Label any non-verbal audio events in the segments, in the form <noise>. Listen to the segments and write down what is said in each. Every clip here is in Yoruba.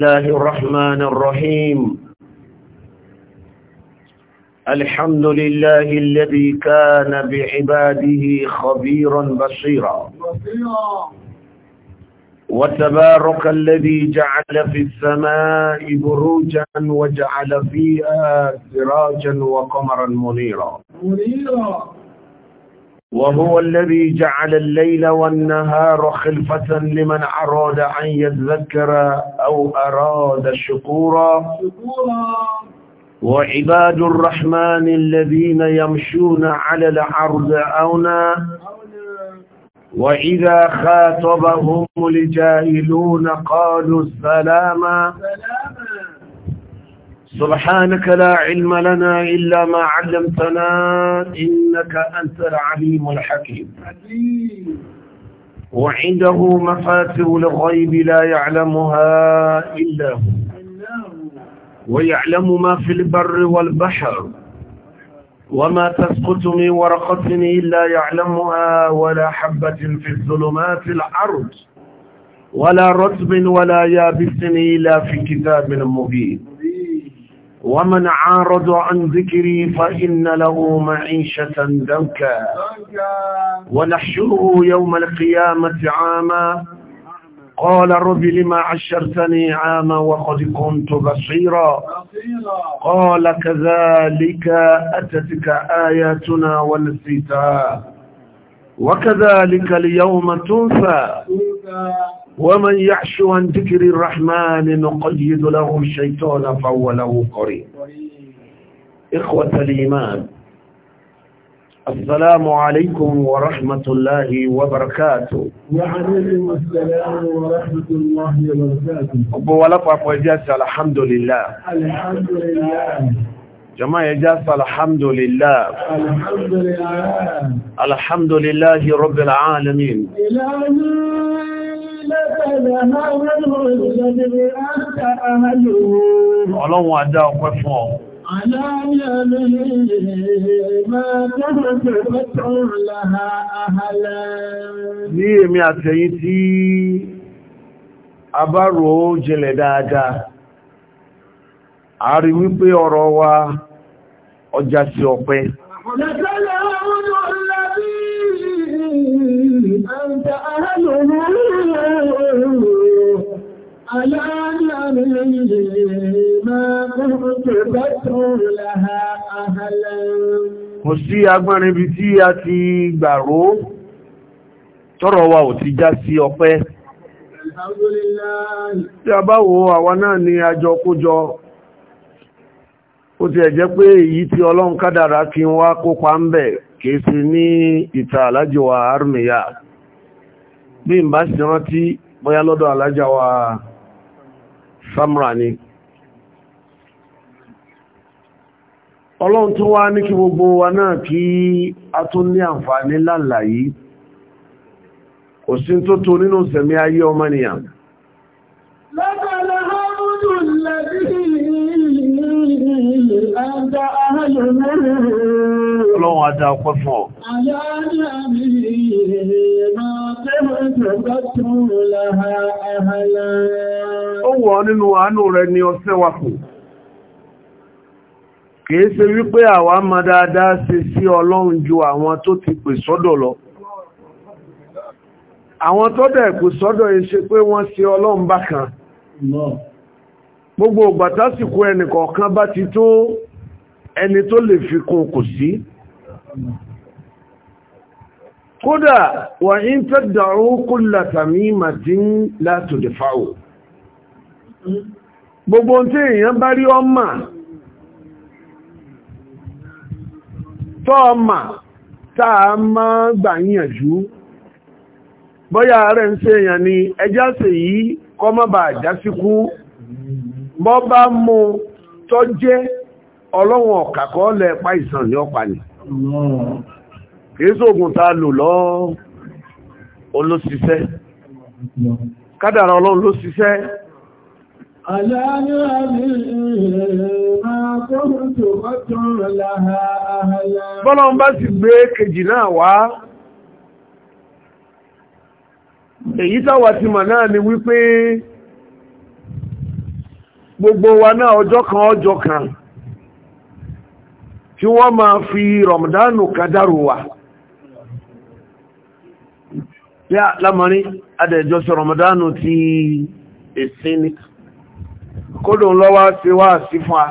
الله الرحمن الرحيم الحمد لله الذي كان بعباده خبيرا بصيرا وتبارك الذي جعل في السماء بروجا وجعل فيها سراجا وقمرا منيرا منيرا وهو الذي جعل الليل والنهار خلفة لمن أراد أن يذكر أو أراد شكورا وعباد الرحمن الذين يمشون على العرض أونا وإذا خاطبهم الجاهلون قالوا السلاما سبحانك لا علم لنا إلا ما علمتنا إنك أنت العليم الحكيم وعنده مفاتر الغيب لا يعلمها إلا هو ويعلم ما في البر والبحر وما تسقط من ورقة إلا يعلمها ولا حبة في الظلمات الأرض ولا رطب ولا يابس إلا في كتاب مبين ومن عارض عن ذكري فإن له معيشة دوكا ونحشره يوم القيامة عاما قال رب لما عشرتني عاما وقد كنت بصيرا قال كذلك أتتك آياتنا ونسيتها وكذلك اليوم تنفى ومن يعش عن ذكر الرحمن نقيد له الشيطان فهو له قريب إخوة الإيمان السلام عليكم ورحمة الله وبركاته وعليكم السلام ورحمة الله وبركاته أبو ولفع فجاس الحمد لله الحمد لله جماعة يجاس الحمد لله الحمد لله الحمد لله رب العالمين Ọlọ́run adá ọpẹ́ fún ọ. Ní èmi àtẹ̀yìn tí a bá rò ó jinlẹ̀ dáadáa, a rí wípé ọ̀rọ̀ wa ọjà sí ọpẹ́ Kò sí agbọ́nrin bí tí a ti gbàró tọ́rọ wa ò ti já sí ọpẹ́. Tí a bá wo àwa náà ni àjọ kójọ ó ti ẹ̀jẹ́ pé èyí tí ọlọ́run kádàrá kí wá kópa ń bẹ̀ kìí sí ní ìta alájọ wa armiya bí n bá sì rántí bóyá lọ́dọ̀ wa samra ni ọlọ́run tó wá ní kí gbogbo wa náà kí a tún ní àǹfààní lálàyé kò sí tó tó nínú sẹ̀mí ayé ọmọnìyàn Ọlọ́run adá ọpẹ́ fún ọ. Ó wọ̀ nínú àánú rẹ̀ ni ọ̀sẹ́ wa kù. Kìí ṣe wípé àwa ma dáadáa ṣe sí Ọlọ́run ju àwọn tó ti pè sọ́dọ̀ lọ. Àwọn tó dẹ̀ pè sọ́dọ̀ yìí ṣe pé wọ́n ṣe Ọlọ́run bákan. Gbogbo ògbàtásìkò ẹnìkọ̀ọ̀kan bá ti tó ẹni tó lè fi kún kò sí kódà wà ní tẹ́dàrú kúlà tàmí màtí látò lè fáwò gbogbo tí èèyàn bá rí ọmọ tọ́ ọmọ táa máa gbà yíyànjú bọ́yá rẹ̀ ń ṣe èèyàn ni ẹjá sì yí kọ́ mọ́ bà jásíkú bọ́ bá mú tọ́jẹ́ ọlọ́wọ̀n ọ̀kàkọ́ lẹ pa ìsàn ní ọpa ni kìí sóògùn ta lò lọ olóṣiṣẹ́ kádàrà ọlọ́run ló ṣiṣẹ́ bọ́lọ́n bá sì gbé kejì náà wá èyí táwà ti mà náà ni wípé gbogbo wa náà ọjọ́ kan ọjọ́ kan tí wọ́n máa fi rọ̀mùdánù kádàrù wa yá lámarin adẹ̀jọ́ sí rọ̀mùdánù ti èsìn ní kódò lọ́wọ́ sí wá si fún a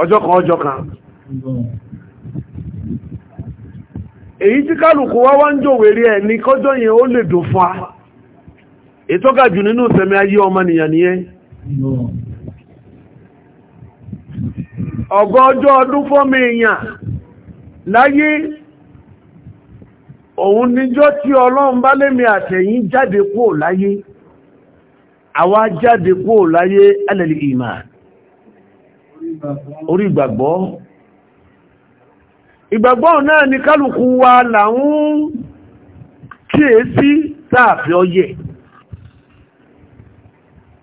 ọjọ́ kan ọjọ́ kan èyí tí kálùkù wá wá ń jòwè rí ẹ̀ ní kọjọ́ yẹn ó lè dùn fún a ètò gàjù nínú ìsẹ̀mẹ́ ayé ọmọnìyàn nìyẹn ọgọ́ ọjọ́ ọdún fọ́mọ èèyàn láyé òun níjọ́ tí ọlọ́run bá lémi àtẹ̀yìn jáde kúrò láyé àwa jáde kúrò láyé alẹ́lì ìmà orí ìgbàgbọ́ ìgbàgbọ́ náà ni kálùkù wa làún kíyèsí sáàfẹ́ ọyẹ̀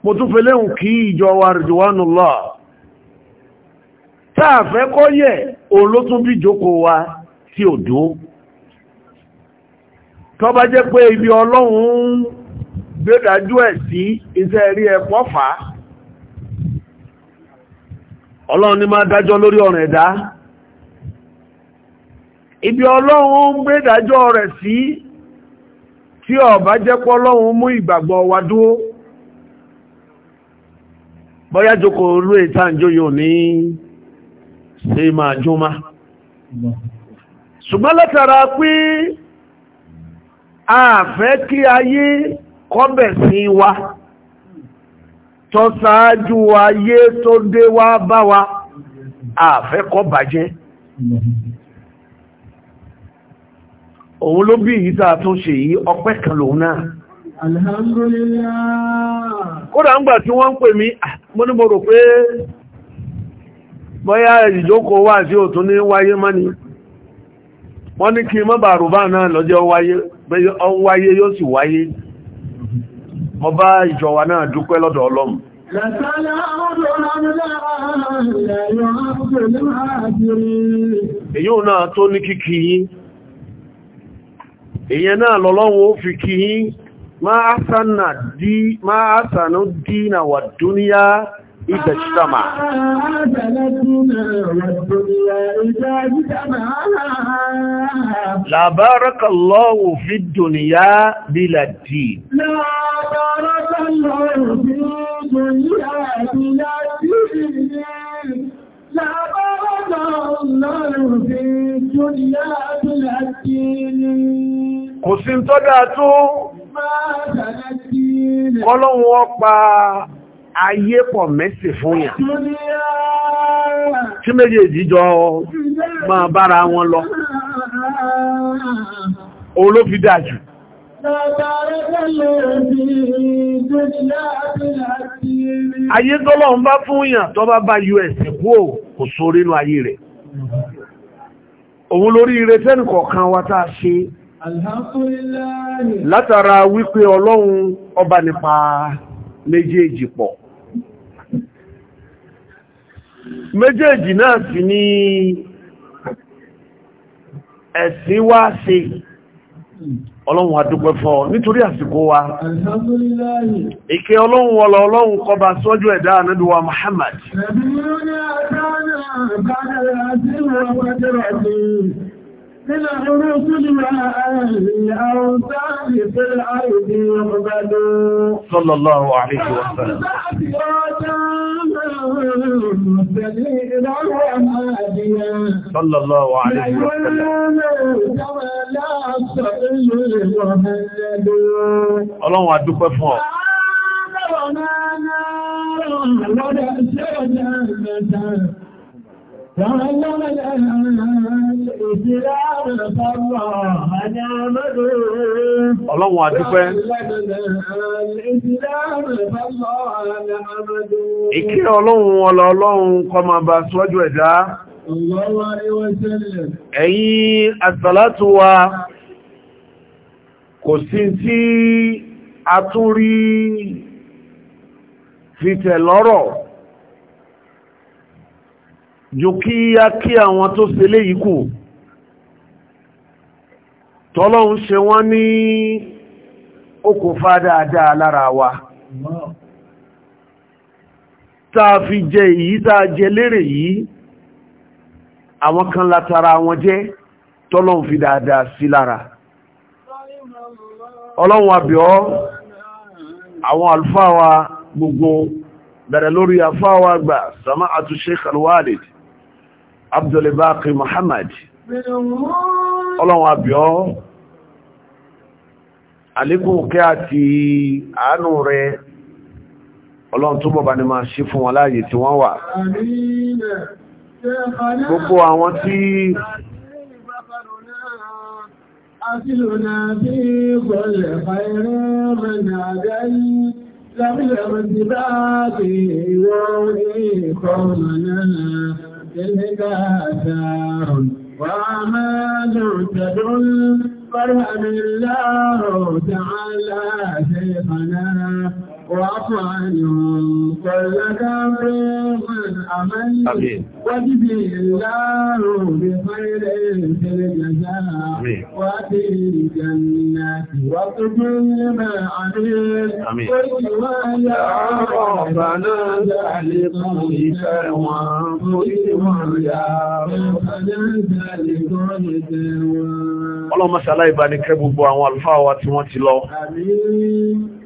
mo tún fẹ́lẹ́hùn kí ìjọ wa rìdíwánúlọ́ọ̀ táàfẹ́ kọ́ yẹ̀ olótún bí jókòó wa tí ò dúó tọ́ bá jẹ́ pé ibi ọlọ́run ń gbédájú ẹ̀ sí iṣẹ́ rí ẹ̀pọ̀ fà á ọlọ́run ni máa dájọ́ lórí ọ̀rọ̀ ẹ̀dá ibi ọlọ́run ń gbédájọ́ rẹ̀ sí tí ọ̀bá jẹ́ pọ́ ọlọ́run mú ìgbàgbọ́ wa dúó bọ́yá jókòó lóye táǹjó ní ṣe máa jọmá ṣùgbọ́n látara pé a fẹ́ kí ayé kọ́bẹ̀ sí wa tó ṣáájú ayé tó dé wá bá wa a fẹ́ kó bàjẹ́ òun ló bí ìyíta tó ṣe yí ọpẹ́ kan lòun náà alhamdulillah kódà ń gbà tí wọ́n ń pè mí ah, mo ní pé bóyá ìjókòó wà sí òtún ní wáyé mọ́ni wọ́n ní kí mọ́bà rùbá náà lọ́jẹ́ wáyé yóò sì wáyé mọ́ bá ìjọwà náà dúpẹ́ lọ́dọ̀ èyí náà lọ́lọ́wọ́ fi máa sánà dí wà إذا اجتمع لا بارك الله في الدنيا بلا الدين لا بارك الله في الدنيا بلا الدين لا بارك الله في الدنيا بلا الدين قسم تدعتو ما تدعتين قلوا وقع ayé pọ̀ mẹ́sì fún yà tí méjèèjì jọ máa bára wọn lọ òun ló fi dájú ayé tọ́lọ̀ ń bá fún yà tó bá bá us kú ò kò sórí inú ayé rẹ̀ òun lórí ire kọ̀ọ̀kan wa tá ṣe látara wípé ọlọ́run ọba nípa méjèèjì pọ̀ méjèèjì náà sì ni ẹ̀sìn wá sí ọlọ́run àdúgbẹ́ fún nítorí àsìkò wa ìkẹ́ ọlọ́run wọlọ ọlọ́run kọba sọ́jú ẹ̀dá ànẹ́dùwà Muhammad Sallallahu alaihi wa sallam. صلى الله عليه وسلم ọlọ́run a dúpẹ́ fún ọ تعلم الإسلام فالله Ọlọ́run àdúpẹ́. Ìkẹ́ ọlọ́run ọlọ ọlọ́run kọ máa bá ṣọ́jú ẹ̀dá. Ẹ̀yin àsàlátù wa kò sí tí a fìtẹ̀ lọ́rọ̀ jù kí yá kí àwọn tó ṣe léyìí kù tọ́lọ́hun ṣe wọ́n ní okùnfà dáadáa lára wa táa fi jẹ èyí táa jẹ lérè yìí àwọn kan látara wọn jẹ́ tọ́lọ́hun fi dáadáa sí lára ọlọ́run àbíọ́ àwọn àlùfáà gbogbo bẹ̀rẹ̀ lórí àfáà gbà Sama'atu Sheikh al Abdulbaqi Muhammad ọlọ́run àbíọ́ àlékún kẹ́ àti àánú rẹ̀ ọlọ́run tó bọ̀bá ní máa ṣí fún wọn láàyè tí wọ́n wà gbogbo àwọn tí Lábílẹ̀ ọmọ ti bá ti ìwọ̀n ní ìkọ̀ ọmọ náà. تلك آثار وعماد تدعو المرهم الله تعالى شيخنا وعفوانهم كل كافر عمل وجبي الله بخير في الجزاء وفي الجنة وقبل ما عمل قل يا ربنا ذلك شيئا وقل يا ربنا ذلك شيئا ọlọ́mọ sàlá ìbánikẹ́ gbogbo àwọn àlùfáà wa tí wọ́n ti lọ. Àmín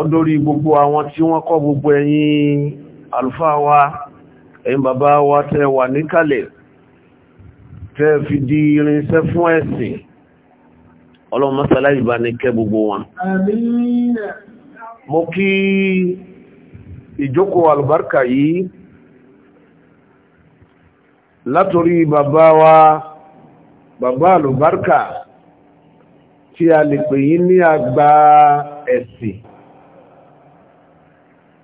ọdórí gbogbo àwọn tí wọ́n kọ́ gbogbo ẹ̀yin àlùfáà wa ẹ̀yin bàbá wa tẹ́ wà níkàlẹ̀ tẹ́ fi di irinṣẹ́ fún ẹ̀sìn ọlọ́mọ́sálá ìbánikẹ́ gbogbo wọn mo kí ìjókòó àlùbáríkà yìí látorí bàbá wa bàbá àlùbáríkà tí a lè pè yí ní àgbà ẹ̀sìn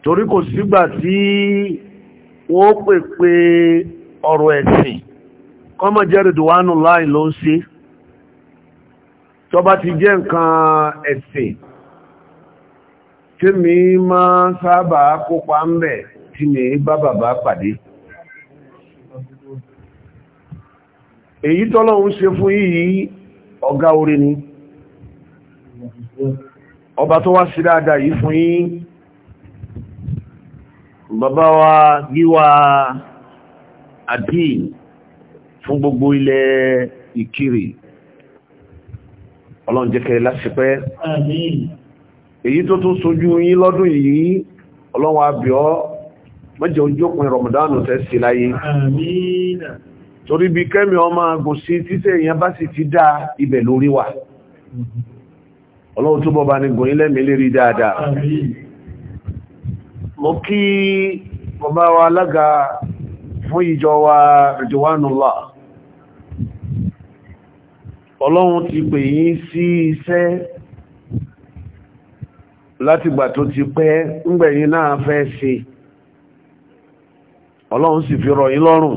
torí kò sígbà tí wọ́n pè pé ọ̀rọ̀ ẹ̀sìn kọmọ jẹ́rì dùwánù láì ló ń se tọba ti jẹ́ nǹkan ẹ̀sìn tí mi máa sábà kópa ń bẹ̀ tí mi bá bàbá pàdé èyí tọ́lọ̀ tọ́lọ́run se fún yìí ọ̀gá orí ni ọba tó wá sí dáadáa yìí fún yìí bàbá wa wa àdíì fún gbogbo ilẹ̀ ìkiri ọlọ́run jẹ́ kẹrẹ èyí tó tún sojú yín lọ́dún yìí ọlọ́run àbíọ́ mọ́jẹ̀ ojókùn Ramadan tẹ́ sí láyé torí bí kẹ́mì ọmọ agùn títẹ́ ti dá ibẹ̀ lórí wà ọlọ́run túbọ̀ bá ní gùn ilẹ̀ mo kí bàbá wa alága fún ìjọ wa Ridwanullah ọlọ́run ti pè yín sí iṣẹ́ látìgbà tó ti pẹ́ ńgbẹ̀yìn náà fẹ́ ṣe ọlọ́run sì fi rọ̀ yín lọ́rùn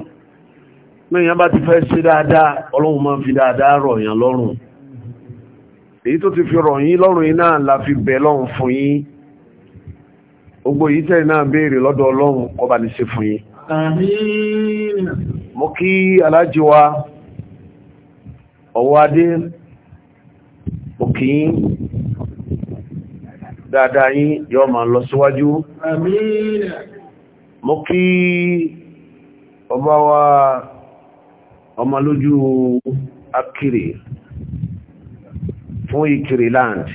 mẹ́yàn bá ti fẹ́ ṣe dáadáa ọlọ́run máa fi dáadáa rọ̀ yàn lọ́rùn èyí tó ti fi rọ̀ yín lọ́rùn yín náà la fi bẹ̀ lọ́rùn fún yín gbogbo yìí tẹ́ náà béèrè lọ́dọ̀ ọlọ́run ọba ní ṣe fún yín mo kí alájí ọwọ́ adé òkín dáadáa yín yọ ma lọ síwájú mo kí ọba wa ọmọ lójú akiri fún ikiri land.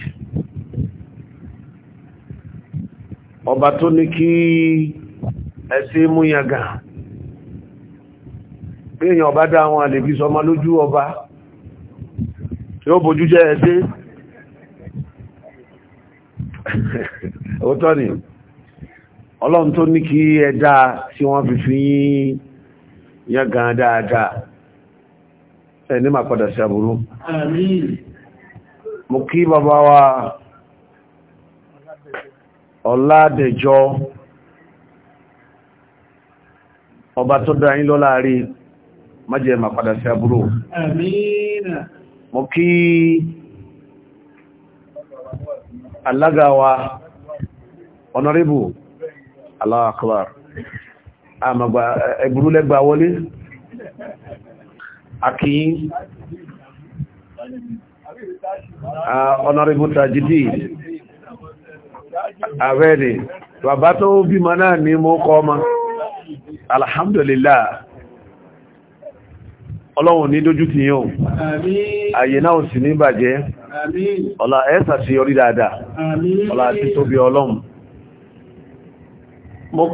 ọba tó ní kí ẹsẹ́ mú yàgà bí èyàn ọba dá àwọn àlèbí sọmọ lójú ọba tí ó bójú jẹ́ ẹsẹ́ òótọ́ ni ọlọ́run tó ní kí ẹ̀dá tí wọ́n fi fi yàgà dáadáa ẹni máa padà sí àbúrú mo kí bàbá wa ọ̀làdẹ̀jọ́ ọba tó dá yín lọ́lá rí májẹ̀ ma padà sí àbúrò mọ́ kí alága wa honorable Allah akbar àmàgbà ẹgbùrú lẹ́gbà wọlé akíyín honorable tragedy àwẹ́rẹ̀ bàbá tó bímọ náà ní mo kọ́ ọmọ alhamdulillah ọlọ́run ní dójú ti yóò ààyè náà sì ní bàjẹ́ ọlá ẹ́sà sí orí dáadáa àti tóbi ọlọ́run mo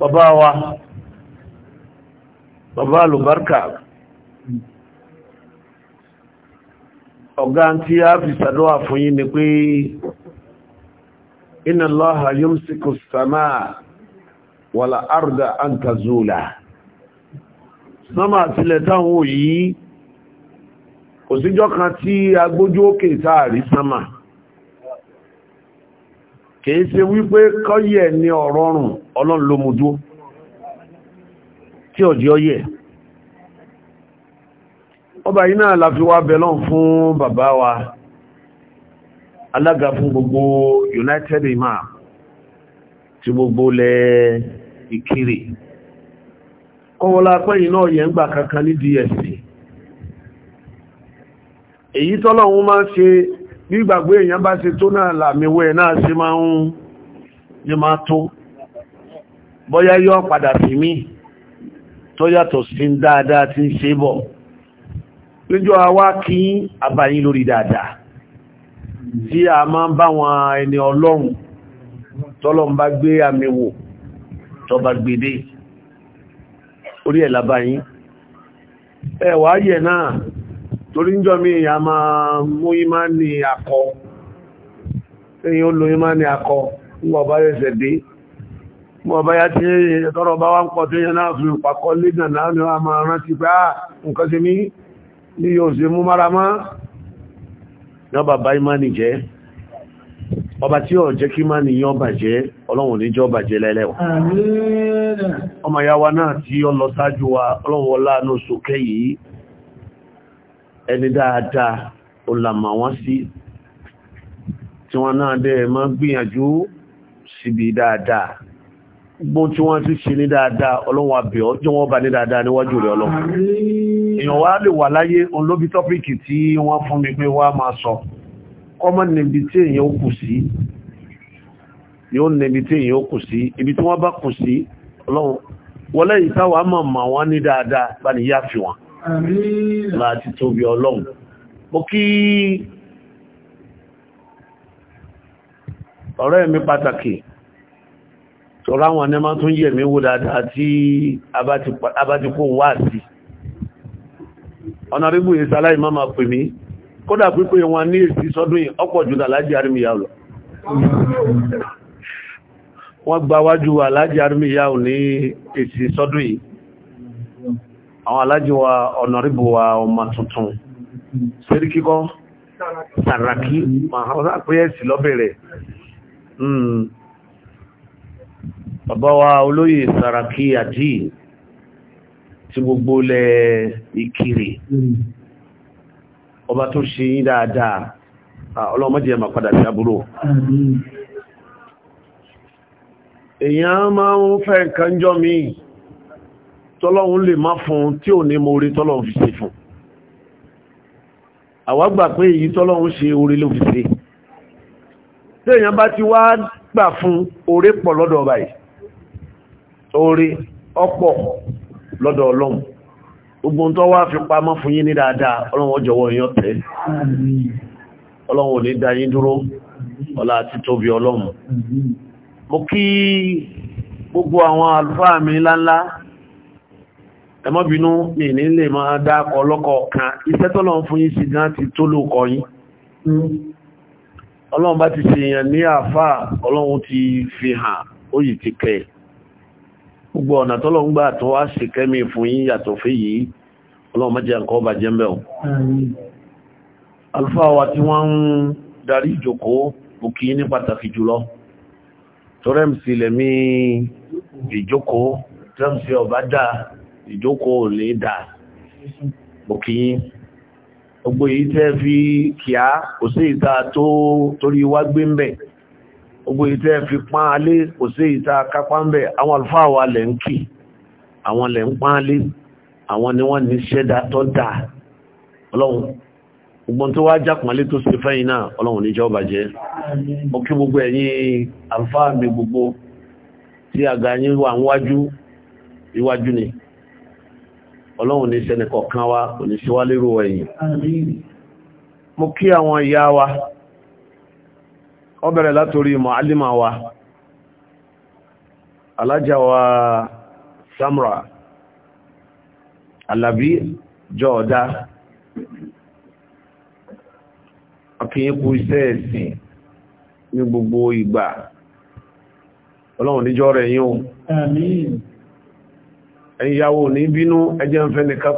wa bàbá alùbárkà ọ̀gá tí a fi sàdọ́wà fún ni pé inna allaha yumsiku samaa wàlà arda an tazula sánmà àtìlẹ̀ táwọn òyí òsíjọ́ kan tí agbójú òkè sáàrí sánmà kìí ṣe wípé kọ́yẹ̀ ní ọ̀rọ̀rùn ọlọ́run ló mú dúó tí ọ̀jẹ́ ọyẹ̀ ọba la fi wá bẹ̀lọ́n fún bàbá wa alága fún gbogbo United Imam ti gbogbo lẹ Ìkirè kọwọlá pẹ́yìn náà yẹ ń gbà kankan ní DSC èyí tọ́lọ̀hún máa ṣe nígbàgbé èèyàn bá ṣe tó náà làmìwẹ̀ náà ṣe máa ń ní máa tó bọ́yá yọ́ padà sí mí tó yàtọ̀ sí dáadáa tí ń ṣe bọ̀ níjọ́ àwa kí àbáyín lórí dáadáa tí a máa ń bá wọn ẹni ọlọ́run tọ́lọ́run bá gbé àmì wò tó orí ẹ̀lába yìí ẹwà ayẹ̀ náà torí ń jọ mi a máa mú ìmá ní akọ èyí ó lo ìmá ní akọ mọ́ bá yẹ́ sẹ̀dé mọ́ bá yá tí tọ́rọ bá wá ń pọ̀ tó yẹ ni wọ́n máa rántí ah, yọ́ bá bá ìmáni jẹ́ ọba tí ó jẹ́ kí máa nìyàn bàjẹ́ ọlọ́run ní jọ bàjẹ́ lẹ́lẹ́wà ọmọ ya wa náà tí ó lọ sáájú wa ọlọ́run wọlá ní oṣù kẹyì ẹni dáadáa olàmà wọ́n sí tí wọ́n náà dẹ̀ máa gbìyànjú síbi dáadáa gbogbo tí wọ́n ti ṣe ní dáadáa ọlọ́run àbẹ̀ ọjọ́ wọ́n bá ní dáadáa níwájú rẹ̀ ọlọ́run èèyàn wá lè wà láyé olóbi tọ́pìkì tí wọ́n fún mi pé wá máa sọ kọ́mọ́ níbi tí èèyàn ó kù sí yóò níbi tí èèyàn ó kù sí ibi tí wọ́n bá kù sí ọlọ́run wọlé ìtawà mọ̀ wọ́n ní dáadáa bá ní yáfi wọn láti tóbi ọlọ́run mo kí ọ̀rẹ́ mi pàtàkì tọ́rọ àwọn ẹni máa tún yẹ̀ mí wó dáadáa tí a bá ti kó wá sí ọ̀nàrígbò ìsàlá ìmá máa pè mí kódà pípé wọn ní èsì sọ́dún ọ̀pọ̀ jùlọ alájì arìmìyà lọ wọ́n gba wájú alájì arìmìyà ní èsì sọ́dún yìí àwọn alájì wa ọ̀nàrígbò wa ọmọ tuntun sẹ́rí kíkọ́ sàràkí bàbá wa olóyè Sàràkí àjí tí gbogbo lẹ Ìkirè ọba tó ṣe yín dáadáa ọlọ́mọdé ẹmà padà sí àbúrò èyàn máa ń fẹ́ nǹkan jọ mi tọ́lọ́run lè má fún tí ò ní mo rí tọ́lọ́run fi ṣe fún àwa pé èyí tọ́lọ́run ṣe orí ló fi ṣe tí èyàn bá ti wá gbà fún orí pọ̀ lọ́dọ̀ báyìí orí ọpọ̀ lọ́dọ̀ ọlọ́run gbogbo tó wá fi pamọ́ fún ní dáadáa ọlọ́run ọjọ́wọ́ èèyàn tẹ́ ọlọ́run ní dúró ọlá àti tóbi ọlọ́run gbogbo àwọn àlùfáà mi ńláńlá ní máa dákọ ọlọ́kọ̀ kan iṣẹ́ tọ́lọ́run fún sí ti tó ọlọ́run bá ti gbogbo ọ̀nà tọ́lọ̀ ń gbà tó wá sí kẹ́mí fún yí yàtọ̀ fẹ́ yìí ọlọ́run má jẹ́ nǹkan ọba jẹ́mbẹ̀ ọ̀ alfáà wa tí wọ́n ń darí ìjòkó òkì ní pàtàkì jùlọ tọ́rẹ́msì lẹ́mí ìjòkó tọ́rẹ́msì ọba dá ìjòkó lè dá òkì gbogbo yìí tẹ́ fi kíá kò sí ìta tó torí wá gbé ń gbogbo ìtẹ́ fi pán alé kò sí ìta kápá àwọn alfáà wa lẹ̀ ń kì àwọn lẹ̀ ń pán alé àwọn ni wọ́n ní ṣẹ́dá tó dà ọlọ́run gbogbo tó wá jápàlé tó ṣe fẹ́yìn náà ọlọ́run ní jọba jẹ́ ó kí gbogbo ẹ̀yin alfáà mi gbogbo tí àga yín wà níwájú iwájú ni ọlọ́run ní sẹ́nìkọ̀ọ̀kan wa kò ní síwá lérò ẹ̀yìn mo kí àwọn ìyá wa ọ bẹ̀rẹ̀ látorí mọ̀álímà wa alájà wa samra alábí jọ́ọ̀dá akíyẹ́kú iṣẹ́ ẹ̀sìn ní gbogbo ìgbà ọlọ́run níjọ́ rẹ̀ yíò ẹ̀yin ìyàwó ní bínú ẹjẹ́ ń fẹ́ nìkan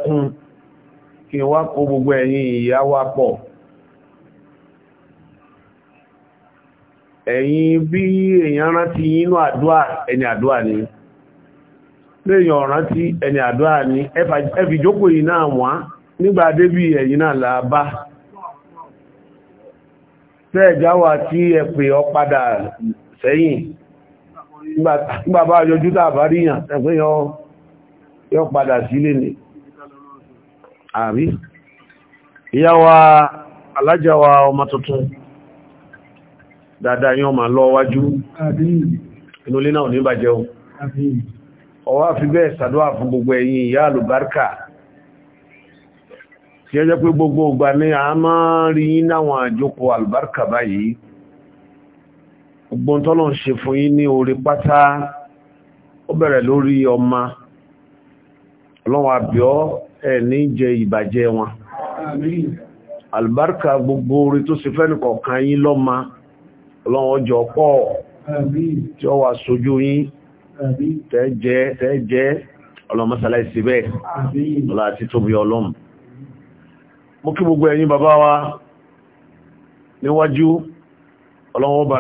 kí wá kó gbogbo ẹ̀yin ìyàwó pọ̀ ẹ̀yin bí èyàn rántí inú àdúà ẹni àdúà ni léèyàn rántí ẹni àdúà ni ẹfì jókòó yìí náà wá nígbà débí ẹ̀yin náà làbá tẹ́ẹ̀jáwà tí ẹ pè padà sẹ́yìn nígbà bá yọjú tàbá ríyàn ẹgbẹ́ yọ padà sílé ni àrí. ìyá wa ọmọ tuntun dáadáa yán ma lọ wájú inú lé náà ní bàjẹ́ o ọwá fi bẹ́ẹ̀ sàdúwà fún gbogbo ẹ̀yin ìyá àlùbáríkà tí ẹ jẹ́ pé gbogbo ìgbà ní a máa rí yín náwọn àjókò àlùbáríkà báyìí gbogbo tọ́lọ̀ ń ṣe fún yín ní orí pátá ó bẹ̀rẹ̀ lórí ọmọ ọlọ́wọ́ àbíọ́ ẹ̀ ní jẹ ìbàjẹ́ wọn àlùbáríkà gbogbo orí tó ṣe fẹ́ nìkọ̀ọ̀kan yín lọ́mọ ọlọ́run ọjọ́ pọ̀ tí ó wà sójú yín tẹ́jẹ́ tẹ́jẹ́ ọlọ́mọ́sálá ìsìbẹ̀ ọlá àti tóbi ọlọ́m mú kí gbogbo ẹ̀yìn bàbá wa níwájú ọlọ́wọ́ bá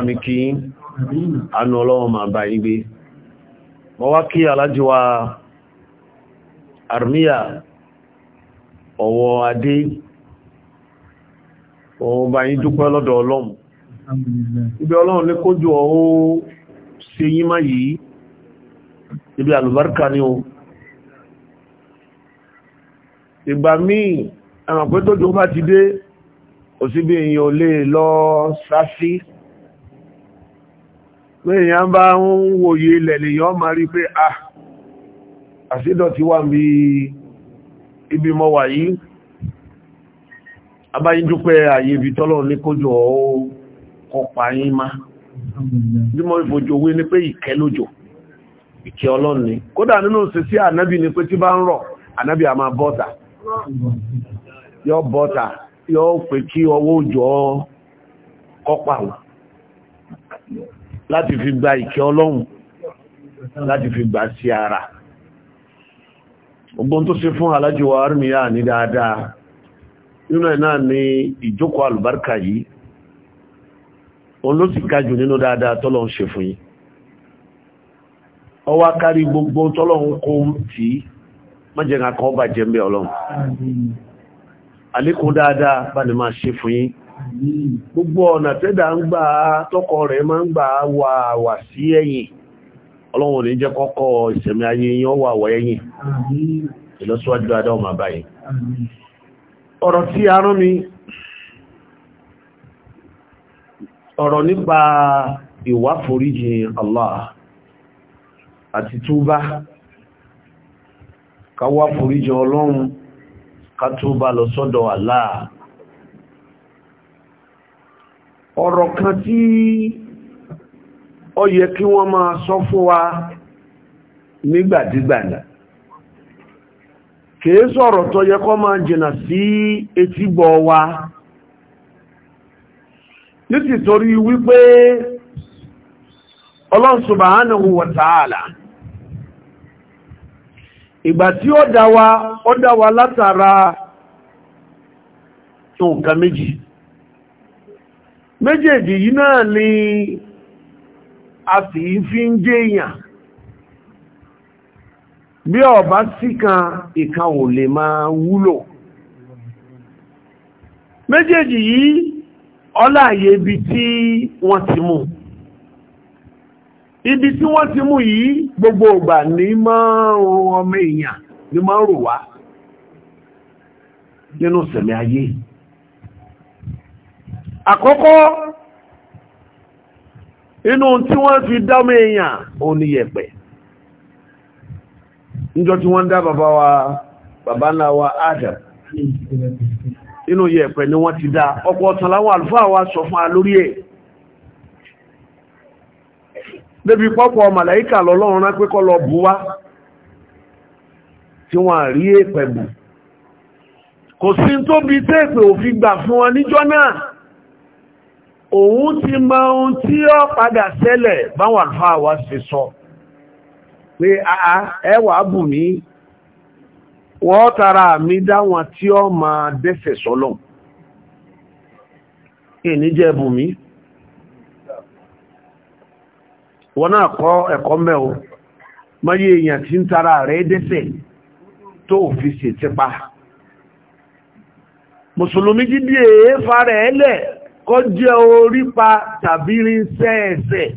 kí ọwọ́ adé bá ibi ọlọ́run ní kójú ọ̀hún ṣe yí má yìí ibi àlùbáríkà ni o ìgbà míì ẹ̀mọ̀ pé tó jù bá ti dé òsíbí èèyàn lè lọ sáfí pé èèyàn bá ń wòye ilẹ̀ lèyàn ma rí pé à àṣídọ̀ ti wà ní ibi mọ́ wà yìí abáyín dúpẹ́ àyè ibi ní kójọ ọ̀hún kọpa yín má bí mo ìfòjò wé ní pé ìkẹ́ lójò ìkẹ́ ọlọ́run kódà nínú ànábì ni pé tí bá ń rọ̀ ànábì máa bọ́ta yọ bọ́ta yọ pé kí ọwọ́ òjò kọpa wọn láti fi gba ìkẹ́ ọlọ́run láti fi gba sí ara fún alájíwá ní dáadáa nínú ẹ̀ náà ni ìjókòó yìí òun ló sì kájù nínú dáadáa tọ́lọ̀ ń ṣe fún ọwá kárí gbogbo tọ́lọ̀ ń kó tí mọ́jẹ̀rìn akọ́ bà jẹ́ mẹ́ ọlọ́run dáadáa bá ní ṣe fún gbogbo ọ̀nà tẹ́dà ń gbà tọ́kọ rẹ̀ máa ń gbà wà wà sí ẹ̀yìn ọlọ́run ní jẹ́ kọ́kọ́ ìsẹ̀mí ayé ẹ̀yìn ìlọsíwájú ọ̀rọ̀ nípa ìwá Allah àti túbá káwá foríjì ọlọ́run ká túbá lọ sọ́dọ̀ Allah ọ̀rọ̀ kan tí ó yẹ kí wọ́n máa sọ fún wa nígbàdígbàdà kìí sọ̀rọ̀ tó yẹ kọ́ máa jìnà sí etígbọ̀ wa. nítìtorí wípé Ọlọ́hun Subhanahu wa Ta'ala ìgbà tí ó dá wa ó dá látara nǹkan méjì méjèèjì yìí náà ni a sì fi ń jẹ́ bí ọba síkan ìkan ò lè máa wúlò méjèèjì yìí ọláàyè ibi tí wọ́n ti mú ibi tí wọ́n ti mú yìí gbogbo ìgbà ní márùn ọmọ èèyàn ní márùn wá nínú sẹ̀mẹ̀ ayé àkọ́kọ́ inú tí wọ́n fi dámọ́ èèyàn ò ní yẹ̀pẹ̀ níjọ́ tí wọ́n dá bàbá wa bàbá ńlá wa Adam inú yẹ̀pẹ̀ ni wọ́n ti dá ọ̀pọ̀ ọ̀tàn láwọn àlùfáà wa sọ fún a lórí ẹ̀ débi pọ́pọ̀ màláíkà lọ́lọ́run rán pé kọ́ lọ bù wá tí wọ́n rí èpẹ̀ bù kò sí tó bí tẹ́ẹ̀pẹ̀ òfin gbà fún wọn níjọ́ náà òun ti mọ ohun tí ó padà ṣẹlẹ̀ báwọn àlùfáà wa ṣe sọ pé àà ẹwà bù mí wọ́n tara mi dáwọn tí ọ ma dẹ́fẹ̀ sọ́lọ̀ ìní jẹ́ ẹbù mi wọ́n náà kọ́ ẹ̀kọ́ mẹ́o mọ́yé èèyàn tí ń tara rẹ̀ dẹ́fẹ̀ tó fi sì ti pa mùsùlùmí jídí èéfà rẹ̀ ẹlẹ̀ kọ́ jẹ́ orípa tàbí rí sẹ́ẹ̀sẹ̀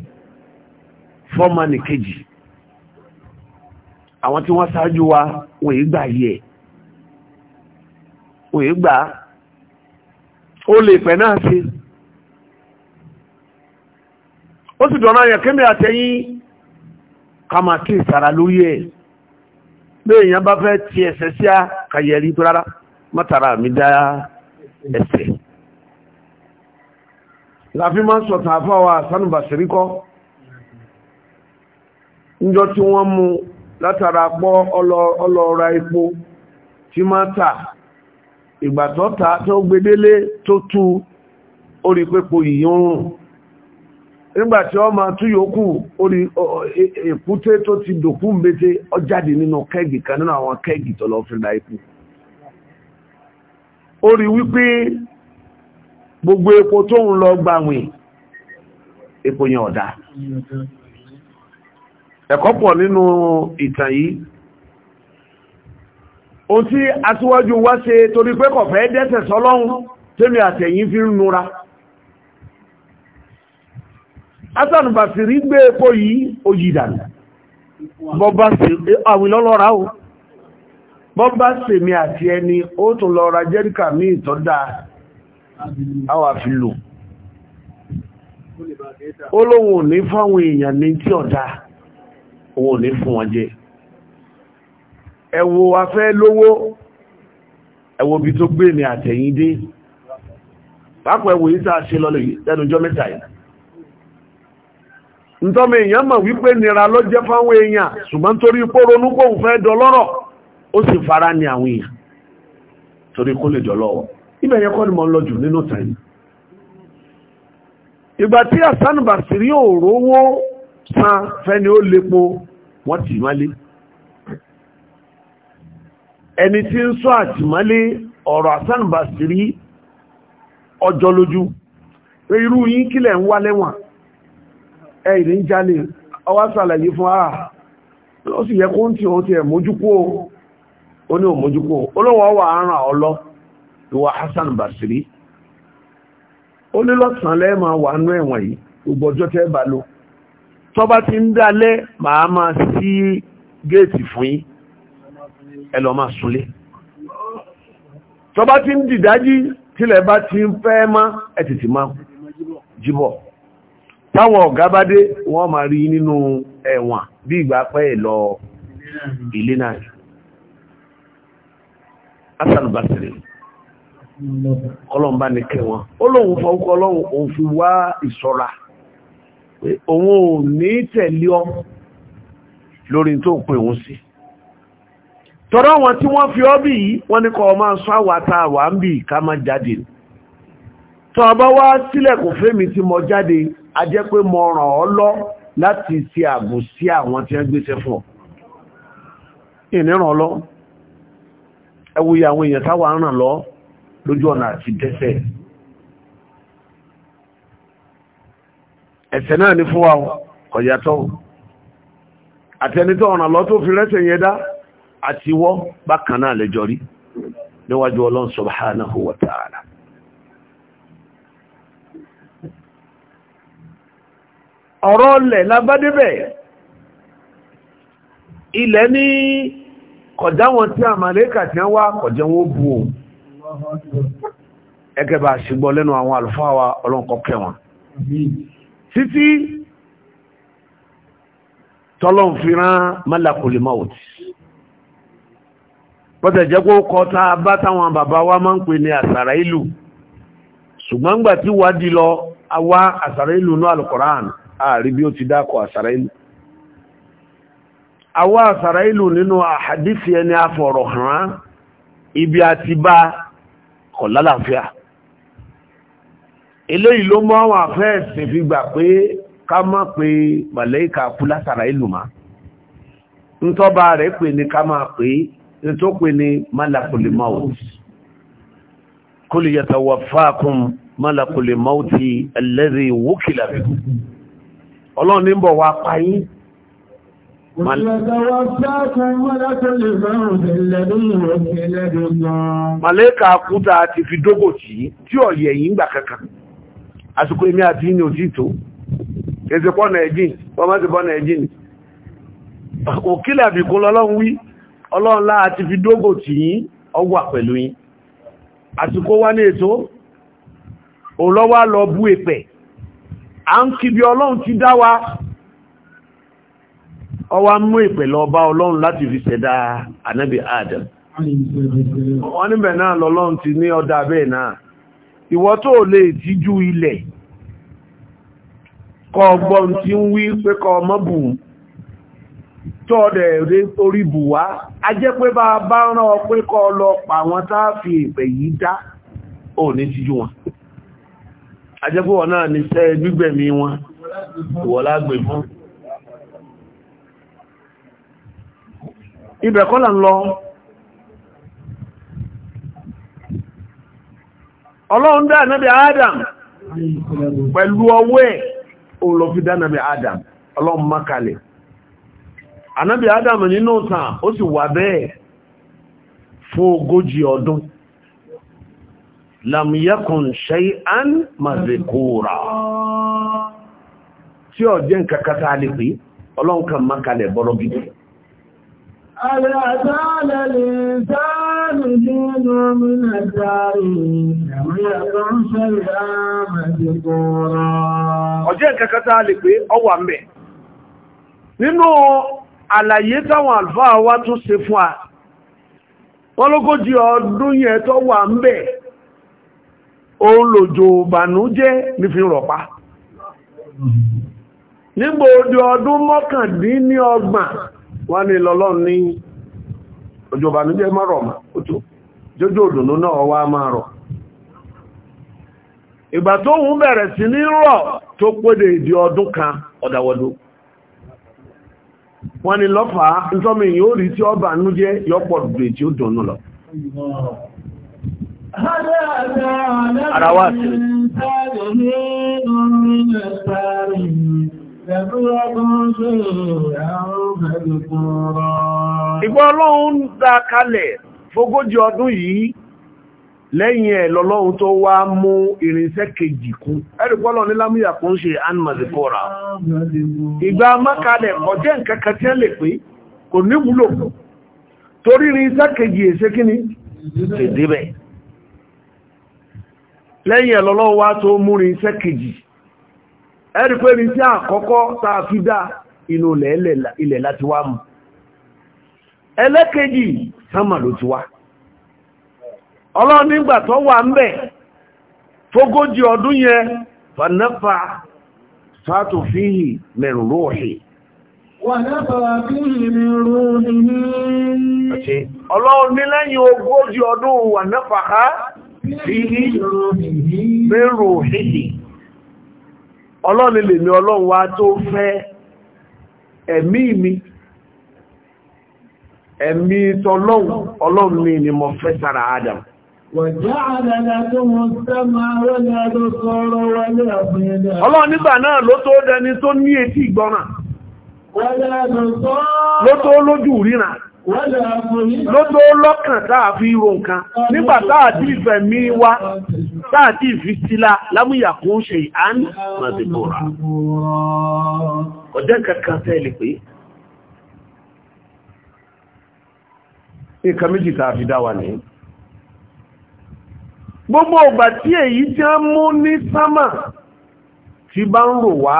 fọ́mọ nìkejì àwọn tí wọ́n ṣáájú wa wọ́n èé gbà yẹ wọ́n èé gbà ó lè pẹ̀ náà ṣe ó sì dọ̀nà yẹn kémi àtẹ̀yìn ká máa kí ìsara lórí ẹ̀ bí èèyàn bá fẹ́ ti ẹ̀sẹ̀ sí àkàyẹ̀rí tó rárá mọ́tara mi dá ẹ̀sẹ̀ láfi máa ń sọ̀tàn àfọwà sánúbàṣírí kọ́ níjọ́ tí wọ́n mú látara pọ́ ọlọ́ọ̀ra epo tí máa tà ìgbà tó ta tó gbedélé tó tú orí pépò yìnyín rùn nígbà tí ó máa tú yòókù orí èkúté tó ti dòkú mbété ó jáde nínú kẹ́gì kan nínú àwọn kẹ́gì tó lọ fìdá epo ó wípé gbogbo epo tó ń lọ gbàwìn epo yẹn ọ̀dá ẹ̀kọ́ pọ̀ nínú ìtàn yìí o tí aṣíwájú wá ṣe torí pé kò fẹ́ sọ́lọ́run tẹ́mi àtẹ̀yìn fi ń nura Hassan Basiri gbé epo yìí ó yìí dànù bọ́bá sí àwìn lọ́lọ́ra o bọ́bá sí mi àti ẹni ó tún lọ jẹ́ríkà ní ìtọ́dá àwà fi lò ó ò ní fáwọn èèyàn ní tí ọ̀dá owó ní fún wọn jẹ ẹ afẹ́ lówó ẹ bí tó gbé ní àtẹ̀yìn dé pápọ̀ ṣe lọ́lọ́ lẹ́nujọ́ mẹ́ta yìí ntọ́mọ èèyàn mọ̀ wípé nira lọ jẹ́ fáwọn èèyàn ṣùgbọ́n torí pó fe fẹ́ dọlọ́rọ̀ ó sì fara ní àwọn èèyàn torí kó lè dọlọ́wọ́ ibẹ̀ yẹ kọ́ ni mo ń lọ nínú tàyí ìgbà tí san lepo wọ́n tì mọ́lé ẹni tí ń sọ ọ̀rọ̀ àsánbàsírí ọjọ́ lójú pé irú kílẹ̀ ń wá lẹ́wọ̀n ẹ̀rì ń jalè ọwá sàlàyé fún àà ó sì yẹ kó tí wọ́n ti ẹ̀ mójúkó ó ó ní tọ́bá ti ń dálẹ́ màá máa sí géètì fún yín ẹ lọ máa súnlé tọ́bá ti ń dìdájí tílẹ̀ bá ti ń fẹ́ má ẹ tètè máa jíbọ̀ táwọn ọ̀gá bá dé wọ́n máa rí nínú ẹ̀wọ̀n bí ìgbà pẹ́ ẹ̀ ilé náà ọlọ́run bá ní kẹwọn ó lóun fọwọ́kọ́ ọlọ́run òun fi wá ìṣọ́ra òun ò ní tẹ̀lé ọ lórí tó pè òun sí tọ́rọ wọn tí wọ́n fi ọ́bì yìí wọ́n ní kọ́ máa sọ àwàta àwà ń bì ká má jáde tọ́ ọba wá sílẹ̀ kò fẹ́mi tí mo jáde a jẹ́ pé mo ràn ọ́ lọ láti ṣe ààbò sí àwọn tí wọ́n gbéṣẹ́ ẹ̀ṣẹ̀ náà ní fún wa ọ̀yàtọ̀ àtẹnitọ́ ọ̀nà lọ tó fi rẹ́sẹ̀ yẹn dá àti wọ́ bákan náà lẹ́jọ́ rí níwájú ọlọ́run subhanahu wa ta'ala ọ̀rọ̀ ọlẹ̀ lábádébẹ̀ ní kọjá wọn tí àmàlẹ́kà tí wá kọjá wọn o wa títí tọ́lọ́n fi rán malakul maut pọ́tẹ̀ jẹ́ kó kọta bá táwọn bàbá wa máa ń pè ní àsàrà ìlú ṣùgbọ́n gbà tí wà dí lọ awá àsàrà ìlú ní alukoran ààrí bí ó ti dákọ àsàrà ìlú awá àsàrà ìlú nínú àhàdífì ẹni afọ̀rọ̀ hàn ibi àti bá kọ̀ eléyìí ló mọ́ àwọn afẹ́ẹ̀sìn fi gbà pé ká mọ́ pé màlẹ́ìkà kú látara ìlúmá ń tọ́ba rẹ̀ pè ní ká máa pè ní tó pè ní malakuli maut kó lè yàtọ̀ wà fáakùn malakuli maut alladhi wukila Màlẹ́kà kúta ti fi dógò tí tí ọ̀yẹ̀ yìí gbà kankan. àsìkò èmi àti yìí ni ò tí tó èsì na ẹ̀jìn wọ́n máa ti pọ́nà ti fi dógò pẹ̀lú lọ ti wa ọwá mú èpẹ̀ lọ fi ṣẹ̀dá ànábì Adam wọ́n níbẹ̀ náà lọ́lọ́run ti ní ọdá bẹ́ẹ̀ náà ìwọ tó lè tíjú ilẹ̀ kọ ọgbọ́n tí ń wí pé kọ ọmọ bù tó ọdẹ̀ orí bù wá a jẹ́ pé bá bá rán ọ pé kọ lọ pa wọn táàfi ìpè yìí dá ò ní tíjú wọn a jẹ́ pé wọn náà ní sẹ́ gbígbẹ̀mí wọn ìwọ lágbè fún ibẹ̀ là ń lọ ọlọ́run dá nábi adam pẹ̀lú ọwọ́ ẹ̀ adam ọlọ́run makalẹ̀ adam nínú tàn ó sì wà bẹ́ẹ̀ fún ogójì ọdún lam yakun shay'an mazikura tí ọ jẹ́ nǹkan kátà lè ọlọ́run kan gidi ọjẹ́ ìkẹ́kẹ́ tàà lè pé ọwà mẹ́ nínú àlàyé táwọn àlùfáà wa tún ṣe fún a wọ́n lógójì ọdún yẹn tó wà ń bẹ̀ òun lòjò bànújẹ́ nífi rọ̀pá nígbò ọdún mọ́kàndínlọ́gbọ̀n wà ní lọ́lọ́ ní òjò ní jẹ́ márọ̀ mọ́ ó jójó òdùnú náà wá máa ìgbà tó ń bẹ̀rẹ̀ sí ní rọ̀ tó pódé ìdí ọdún kan ọ̀dàwọ̀dó wọ́n ni lọ́pàá, ìtọ́mì yóò rí tí ọba ń ara Ìgbọ́ ọlọ́run ń dá kalẹ̀ fógójì ọdún yìí lẹ́yìn ẹ̀ lọ́lọ́run tó wá mú irinṣẹ́ kejì kún. Ẹ̀rùpọ́ lọ nílámúyà kún ṣe anmazikora. Ìgbà mọ́kalẹ̀ kọjẹ́ nǹkankan tí ẹ̀rí pé ní tí àkọ́kọ́ tàà fi dá inú ilẹ̀ láti wá mú ẹlẹ́kejì sánmà ló ti wá ọlọ́run nígbà tó wà ń bẹ̀ tógójì ọdún yẹn fànáfà sátò fíhì mẹ́rùn róòhì ọlọ́run ní lẹ́yìn ogójì ọdún ọlọ́run lè mi ọlọ́run wá tó fẹ́ ẹ̀mí mi ẹ̀mí tọ́lọ́run ọlọ́run mi ni mo fẹ́ sára Adam ọlọ́run nígbà náà ló tó dẹni tó ní etí ìgbọ́ràn ló tó lójú ríran lódó lọ́kàn táà fi ro nǹkan nígbà táà tí ìfẹ̀ mi wá táà tí ìfi sílá lámúyà kó ń ṣe ìhán màdìbòrà ọ̀dẹ́ kankan tẹ́lẹ̀ pé nǹkan méjì táà fi dá wa ní gbogbo ọgbà tí èyí jẹ́ mú ní sámà tí bá ń rò wá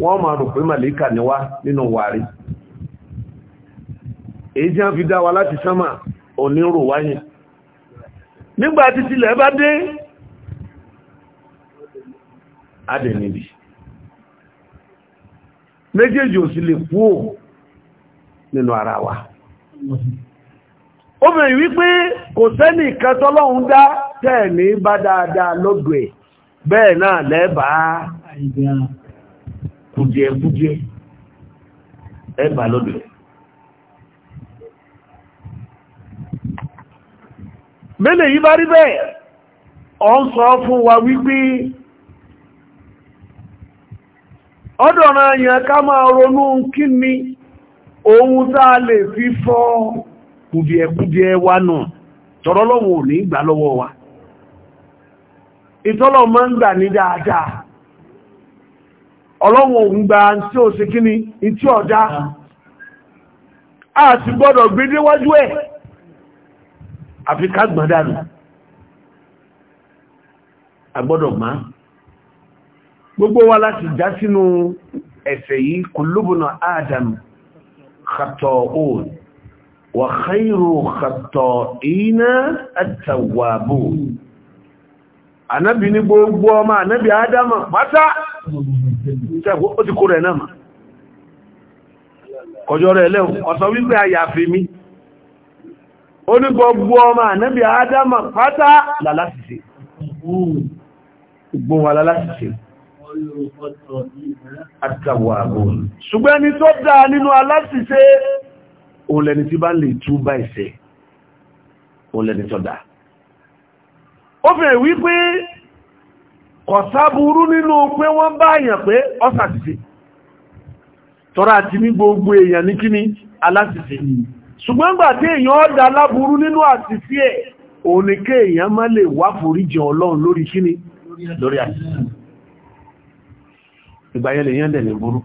wọ́n máa rò pé màlíkà ni nínú wàrí èyí tí fi dá wa láti sánmà onírò wáyé nígbà títí lẹ bá dé adẹ̀ méjèèjì ò sì lè ara wa ó bẹ̀rẹ̀ wípé kò sẹ́nì kan dá tẹ́ẹ̀ bá dáadáa lọ́dọ̀ bẹ́ẹ̀ náà lẹ́bàá kùjẹ́kùjẹ́ mẹ́lẹ̀ yí bá rí bẹ́ẹ̀ ọ ń sọ fún wa wípé ọdọ̀nà yẹn ká máa ronú kí ohun tá a lè fi fọ́ wa náà tọ́rọlọ́wọ́ ò ní ìgbà wa ìtọ́lọ̀ máa ń gbà ní dáadáa tí a ti gbọ́dọ̀ gbé ẹ̀ àfi ká gbọ́n dànù agbọ́dọ̀ má gbogbo wa láti já sínú ẹ̀ṣẹ̀ yìí kulubuna adam khata'un wa khayru khata'ina at-tawwabun anábi ní gbogbo ọmọ anábi adama pátá ó ti kó rẹ̀ náà kọjọ́ rẹ̀ lẹ́wọ̀n ọ̀sọ̀ wípé àyàfi mi oní gbogbo ọmọ ànábì Ádámà pátá lálásìsẹ́ gbogbo wa lálásìsẹ́ àtàwà àgbòrò ṣùgbọ́n ni tó dáa nínú alásìsẹ́ olẹni tí bá lè túbá ẹ̀ṣẹ̀ olẹni tó dáa ó fẹ́ wípé kọ̀sáburú nínú pé wọ́n bá èèyàn pé ọ́sàtìsẹ́ tọ́rọ àti ní gbogbo èèyàn ní kíní alásìsẹ́ yìí ṣùgbọ́n gbà tí èèyàn ọ̀dà aláburú nínú àṣìṣí ẹ̀ òun ni kí èèyàn má lè wá foríjì ọlọ́run lórí kíní lórí àṣìṣí ìgbàyẹn lè yán dẹ̀lẹ̀ burú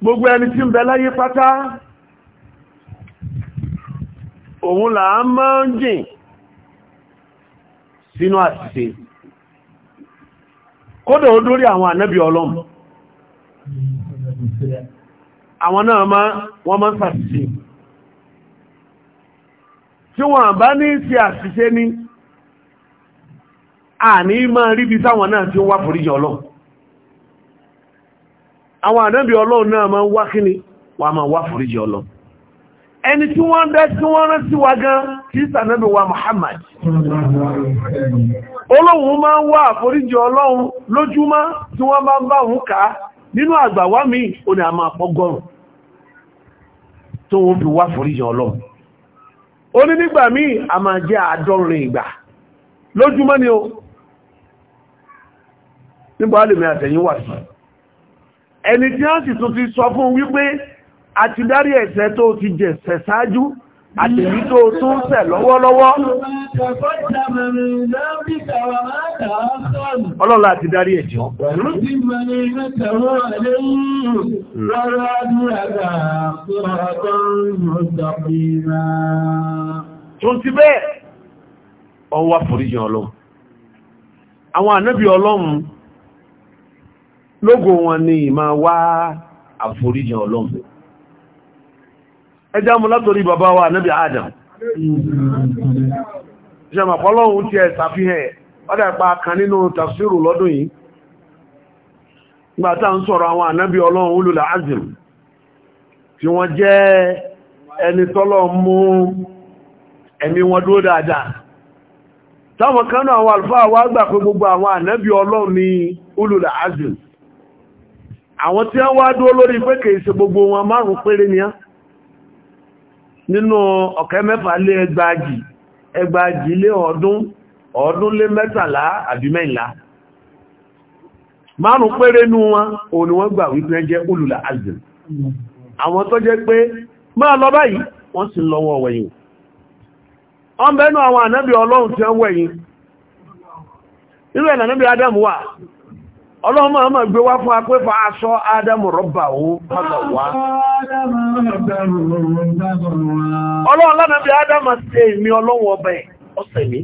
gbogbo ẹni sínú àṣìṣe kódà ó dórí àwọn ànábì ọlọ́run àwọn náà ma wọ́n má ṣàṣìṣe tí wọ́n bá ní ṣe àṣìṣe ní àní máa ríbi sáwọn náà tí ó wá foríjì ọlọ́run àwọn ànábì ọlọ́run náà ma máa wá kíni wọ́n ma wá foríjì ọlọ́run ẹni tí wọ́n dẹ́ tí wọ́n rán sí wa gan kí sànábì wa Muhammad olóhun máa ń wá àforíjì ọlọ́run lójúmọ́ tí wọ́n bá bá òun ká nínú àgbàwá mi ò ní a máa pọ́gọ́rùn-ún tó wọ́n fi wá foríjì ọlọ́run ó ní nígbà míì a máa jẹ́ àádọ́rin ìgbà lójúmọ́ ni o nígbà alèmí àtẹ̀yìn wà sí ẹni tí a sì tún ti sọ fún wípé àti dárí ẹ̀ṣẹ̀ tó ti jẹ̀ṣẹ̀ ṣáájú àtèyí tó tún ṣe lọ́wọ́lọ́wọ́ ọlọ́lá ti darí ẹ̀jọ́ tó ti bẹ́ẹ̀ ọwọ́ foríjìn ọlọ́run àwọn ànábì ọlọ́run lógo wọn ni ìmá wá àforíjìn ọlọ́run ẹjá mú látorí bàbá wa ànábì Adam ṣẹmọ̀ pọ́lọ́hun ti ẹ̀ ṣàfihàn ọdá pa kan nínú tafsiru lọ́dún yìí gbàtà ń sọ̀rọ̀ àwọn ànábì ọlọ́run ulul azim tí wọ́n jẹ́ ẹni tọ́lọ̀ mú ẹ̀mí wọn dúró dáadáa táwọn kanú àwọn àlùfáà wá gbà pé gbogbo àwọn ọlọ́run ní azim àwọn tí wọ́n wá nínú ọ̀kẹ́ mẹ́fà lé ẹgbàájì ẹgbàájì lé ọdún ọdún lé mẹ́tàlá àbí mẹ́ìnlá márùn péré nú wọn o ni wọ́n gbà wípé jẹ́ olùlà azim àwọn tó jẹ́ pé máa lọ báyìí wọ́n sì lọ́wọ́ wẹ̀yìn ọmọ ẹnu àwọn ànábì ọlọ́run tí wọ́n wẹ̀yìn irú ẹ̀ Adam wà ọlọ́mọ ọmọ gbé wá fún apẹ́fà aṣọ Ádámù rọ́bà ó pàdà wá ọlọ́run lánàá bí Ádámù ṣe èmi ọlọ́run ọba ẹ̀ ọ̀sẹ̀ mi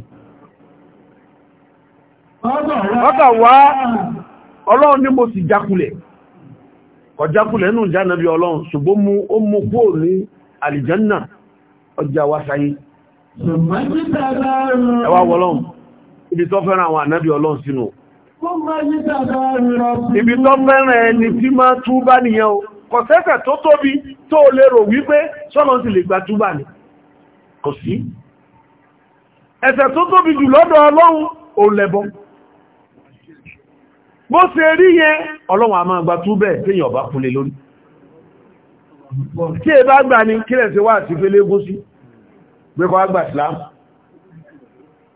pàdà wá ọlọ́run ní mo sì jákulẹ̀ ọjákulẹ̀ nù jánàbí ọlọ́run ṣùgbọ́n mú ó mú kúrò ní àlìjánà ọjà wá sáyé ẹwà wọlọ́run ibi tó fẹ́ràn àwọn ànábì ọlọ́run sínú Ibi tó fẹ́ràn ẹni tí máa túbá nìyẹn o, kọ̀sẹ́sẹ̀ tó tóbi tó lérò wípé sọ́nà ti lè gba túbá ni, kò sí. Ẹ̀ṣẹ̀ tó tóbi jù lọ́dọ̀ Ọlọ́run ò lẹ́bọ. Bó ṣe rí yẹn, Ọlọ́run a máa gba túbẹ̀ téèyàn bá kúnlé lórí. Tí ẹ bá gbà ní kílẹ̀ sí wà sí fẹ́lẹ́gún sí, gbẹ́kọ̀ àgbà ìsìlámù.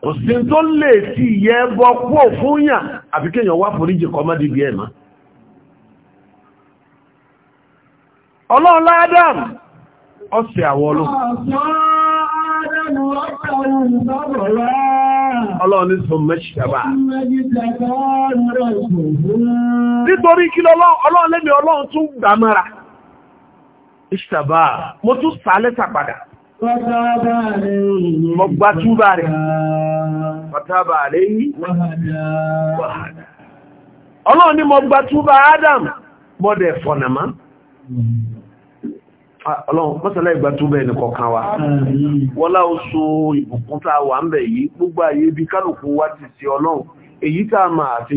òsìn tó lè ti yẹ bọ́ pò fún yàn àbí kéèyàn wá foríjì kọ́ mọ́ dìbí ẹ̀ máa ọlọ́run ọ̀sẹ̀ àwọ̀ ọlọ́run ọlọ́run nítorí kí ọlọ́run lẹ́mí ọlọ́run ìṣtàbà mo tún sàálẹ́ta padà Ọgbà túbà rẹ̀. Fàtàbà rẹ̀ yìí. Ọlọ́run ni mo gba túbà Adam, mọ́dẹ̀ fọ̀nàmá. Ah, ọlọ́run, mọ́sànlá ìgbà túbà ẹni kọ̀kan wa. Wọ́lá oṣù ìbùkún tá wà ń bẹ̀ yìí, gbogbo àyè ibi kálùkù wa ti sí ọlọ́run. Èyí tá a mà àti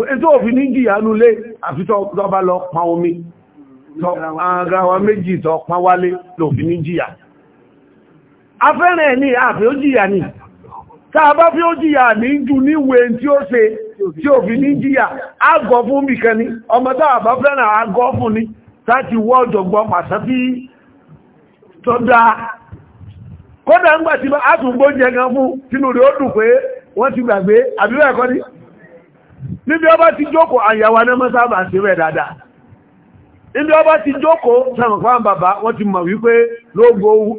ètò òfin ní jìyà nulé àfitọ́ lọ pa omi àgbàwà méjì tọ́ pa wálé lòfin ní ni afẹ́rẹ̀ ní àfẹ́ ó jìyà ní tàà bá fi ó jìyà ní jù níwé tí ó ṣe tí òfin ní jìyà àgọ́ fún bìkan ní ọmọ tàà bá fẹ́rẹ̀ àgọ́ fún ní láti wọ́ níbi ọba ti jókòó àyàwó anẹ́mọ́sáàbà sí rẹ̀ dáadáa níbi ọba ti jókòó sàmùkọ́ bàbá wọ́n ti mọ̀ wípé lógo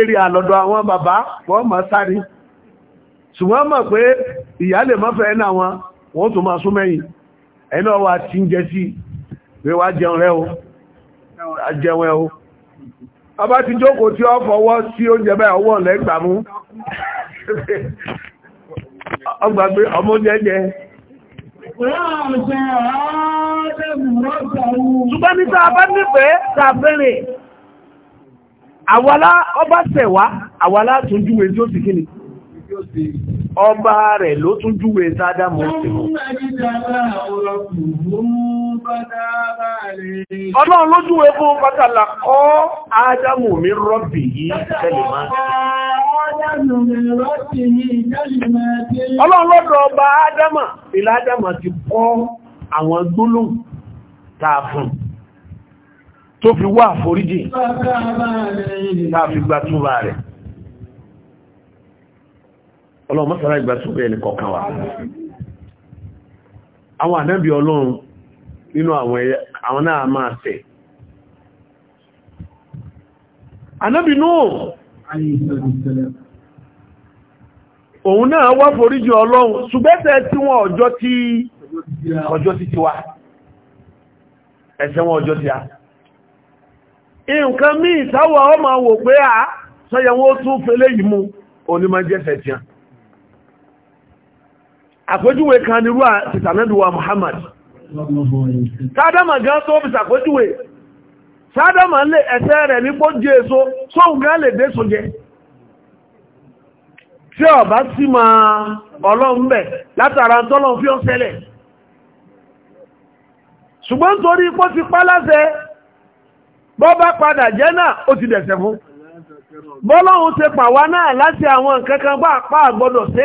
eré àlọ́dọ̀ àwọn bàbá wọ́n mọ̀ sáré ṣùgbọ́n mọ̀ pé ìyá lè mọ́fẹ́ ẹ̀nà wọn wọ́n tó máa súnmẹ́yìn ẹ̀nà wà tí ń jẹ sí rẹ̀ wá jẹun rẹ̀ o ajẹun ẹ̀ o ọba ti jókòó tí ọ fọwọ́ sí oúnjẹ bẹ́ẹ̀ ọwọ́ lẹ́gbàmú ọgbà pé ọmọ jẹ́jẹ́ ṣùgbọ́n ní sáà bá nífẹ̀ẹ́ sàbẹ̀rẹ̀ àwọlá ọba sẹ̀wá àwọlá tún júwe tí ó sì kíni ọba rẹ̀ ló tún júwe sádá mọ́ ọlọ́run ló júwe fún pátàlá kọ́ ádámù mi rọ́bì yìí tẹ́lẹ̀ máa Ọlọ́run lọ́dọ̀ ọba Ádámà, ilẹ̀ Ádámà ti kọ́ àwọn gbólóhùn tàà fún tó fi wá àforíjì tàà fi gbàtúbà rẹ̀. Ọlọ́run mọ́sára ìgbàtúbà ẹni kọ̀kan wà. Àwọn ànábì Ọlọ́run nínú àwọn náà máa ṣẹ̀. Ànábì Nuh òun náà wá foríjì ọlọ́run ṣùgbẹ́sẹ̀ tí wọ́n ọjọ́ tí ọjọ́ ti ti wá wọn ọjọ́ ti a nǹkan mí ìtawọ̀ ma wò pé a wọ́n tún fẹ́lẹ̀ yìí mú ma jẹ́sẹ̀ tí a àpójúwe kan nírú àtìtànẹ́dùwà Muhammad sádọ́mà gan tó fi sàpójúwe sádọ́mà lè ẹ̀ṣẹ̀ rẹ̀ ní pọ́ jẹ́ èso gan lè dé tí ọba sí ma ọlọ́run bẹ̀ látara tọ́lọ́run fi ó ṣẹlẹ̀ ṣùgbọ́n torí pọ́ ti pá láṣẹ bọ́ bá padà jẹ́ náà ó ti dẹ̀ṣẹ̀ fún bọ́lọ́run ṣe pàwá náà láti àwọn nǹkan bá apá àgbọ́dọ̀ sí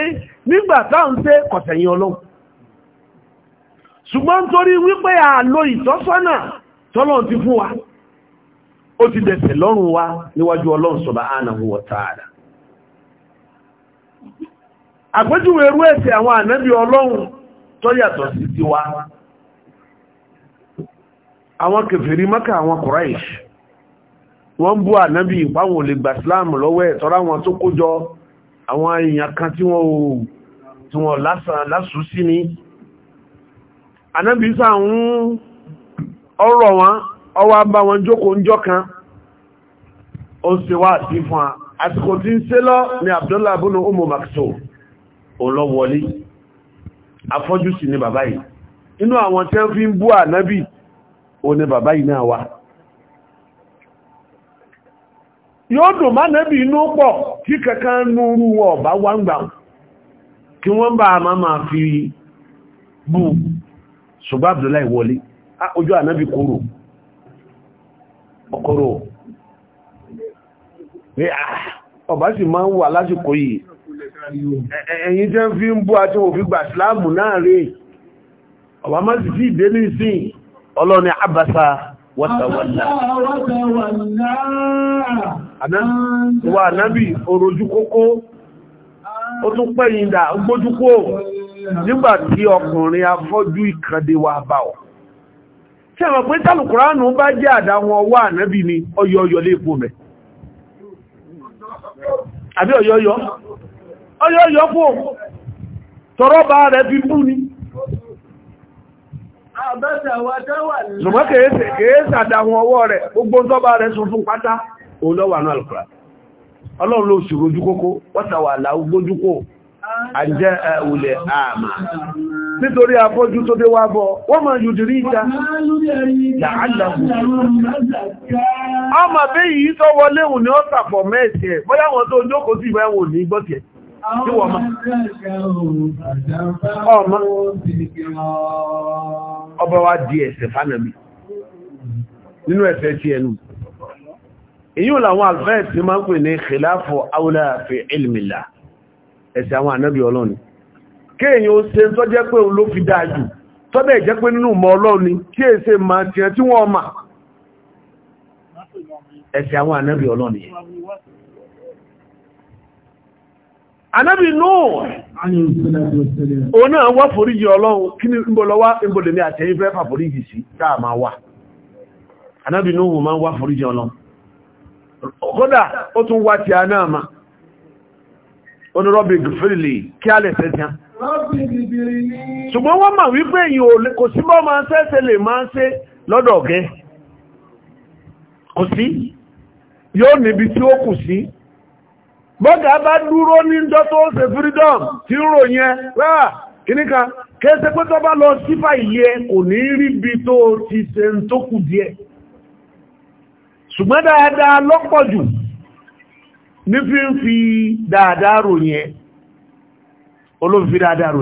nígbà ṣe kọ̀tẹ̀yìn ọlọ́run ṣùgbọ́n torí wípé àlò ìtọ́sọ́nà ti fún wa ó ti lọ́rùn wa níwájú ọlọ́run àpéjúwe irú ẹ̀ṣẹ̀ àwọn ànábì ọlọ́run tó yàtọ̀ sí tiwa àwọn kèfèrí Mákà àwọn Quraish wọ́n ń bú ànábì ìpáwọn olè gbà Islam lọ́wọ́ ẹ̀ tọ́rọ àwọn tó kójọ àwọn èèyàn kan tí wọ́n ò tí wọ́n lásù sí ní ànábì sáà ń ọ̀rọ̀ wọn ọwá ni Abdullah ibn Umm Maktum olówọlé afọ́jú sí ni bàbá yìí inú àwọn tẹ́ fi ń bú ànábì o ni bàbá yìí náà wá yóò dùn má nẹ́bì inú pọ̀ tí kankan núrú ọ̀bá wáńgbà kí wọ́n bá a máa fi bú ṣùgbọ́n Abdullahi wọlé ojú ànábì kúrò ọkọ̀rọ̀ ah, ọba sì máa ń wà lásìkò yìí ẹ̀yin jẹ́ fi ń bú àti òfin gbà síláàmù náà rí ọ̀wà má sì sí ìdé ní ìsìn ọlọ́ni àbásá wọ́tàwọ́lá wà náàbì orojú kókó ó tún pẹ̀yìn dà gbójúkó nígbàtí ọkùnrin afọ́jú ìkàndé wà bá ọ̀ tí àwọn pé tàlùkùránù bá jẹ́ àdáwọn wà náàbì ni ọyọ́yọ́ lé ipò mẹ́ àbí ọyọ́yọ́ ọyọ́ yọ́pù tọrọba rẹ̀ fi bú ni ṣùgbọ́n kèé sàdáhùn ọwọ́ rẹ̀ gbogbo tọba rẹ̀ sọ fún pátá olówà náà alùkùrà ọlọ́run ló ṣùgbójú kókó wọ́tàwà láwúgbójúkó àjẹ́ nítorí afọ́jú tó dé wá bọ́ wọ́n ma yùdì rí ìta ọmọ bí yìí tó ọ́sàpọ̀ mẹ́ẹ̀sì ẹ̀ bọ́yá wọn tó sí ìwẹ̀wò ní gbọ́tẹ̀ tí wọ́n mọ́. Ọmọ ọba wa di ẹ̀sẹ̀ fánàmì nínú ẹ̀sẹ̀ tí ẹnu. Èyí ò làwọn alfẹ́ẹ̀sì máa ń pè ní Khilafu Aula fi Ilmila, ẹ̀sẹ̀ àwọn ànábì ọlọ́ni. Kéèyàn ó ṣe tó jẹ́ pé ló fi dáa jù, tó bẹ́ẹ̀ jẹ́ pé nínú mọ́ ọlọ́ni kí èsè anábì Nuh òun náà wá foríjì ọlọ́run kí ní ìbòlọ́wà ìbòlèmí àtẹ́yìn fẹ́ fà foríjì sí táà máa wà anábì Nuh máa wá foríjì ọlọ́run kódà ó tún wá ti aná ma onírọ́bì gùfìrìlì kí a lè sẹ́sẹ́ ṣùgbọ́n wọ́n máa wípé yóò kù bọ́gà bá dúró ní ìjọ tó freedom tí rò yẹn ráà kìníkà pé bá lọ sífà ìyẹ kò ní ríbi tó ti ṣe ń tó kù díẹ̀ ṣùgbọ́n dáadáa lọ́pọ̀ jù ní fi ń fi dáadáa ròyìn ẹ fi dáadáa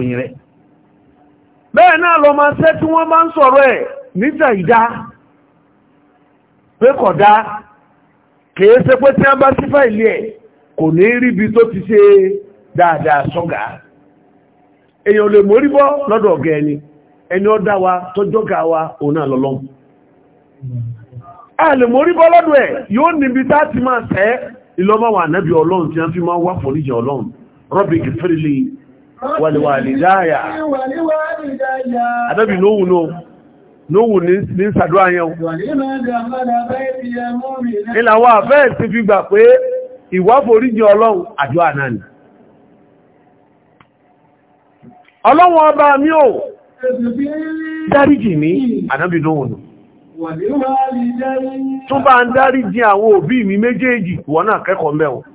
kò ní ríbi tó ti ṣe dáadáa sọ́gà èèyàn lè mórí bọ́ lọ́dọ̀ ọ̀gá ẹni ẹni ó dá wa tọ́jọ́gà wa òun náà lọ́lọ́m a lè mórí bọ́ lọ́dọ̀ ẹ̀ yóò níbi tá ti máa sẹ́ ìlọ́mọ̀wà ànábì ọlọ́run tí wọ́n fi máa wá foríjì ọlọ́run rọ́bì kìfìrìlì wàlìwàlìdáyà ànábì lóhùn náà lóhùn ní sàdúrà yẹn ìlàwọ̀ àfẹ́ ti fi gbà pé ìwáforíjì ọlọ́run àdúrà náà ni ọlọ́run ọba mi ò dáríjì ní ànábìnú ònà tún bá ń dáríjì àwọn òbí mi méjèèjì wọ́n náà kẹ́kọ̀ọ́ mẹ́wọ̀n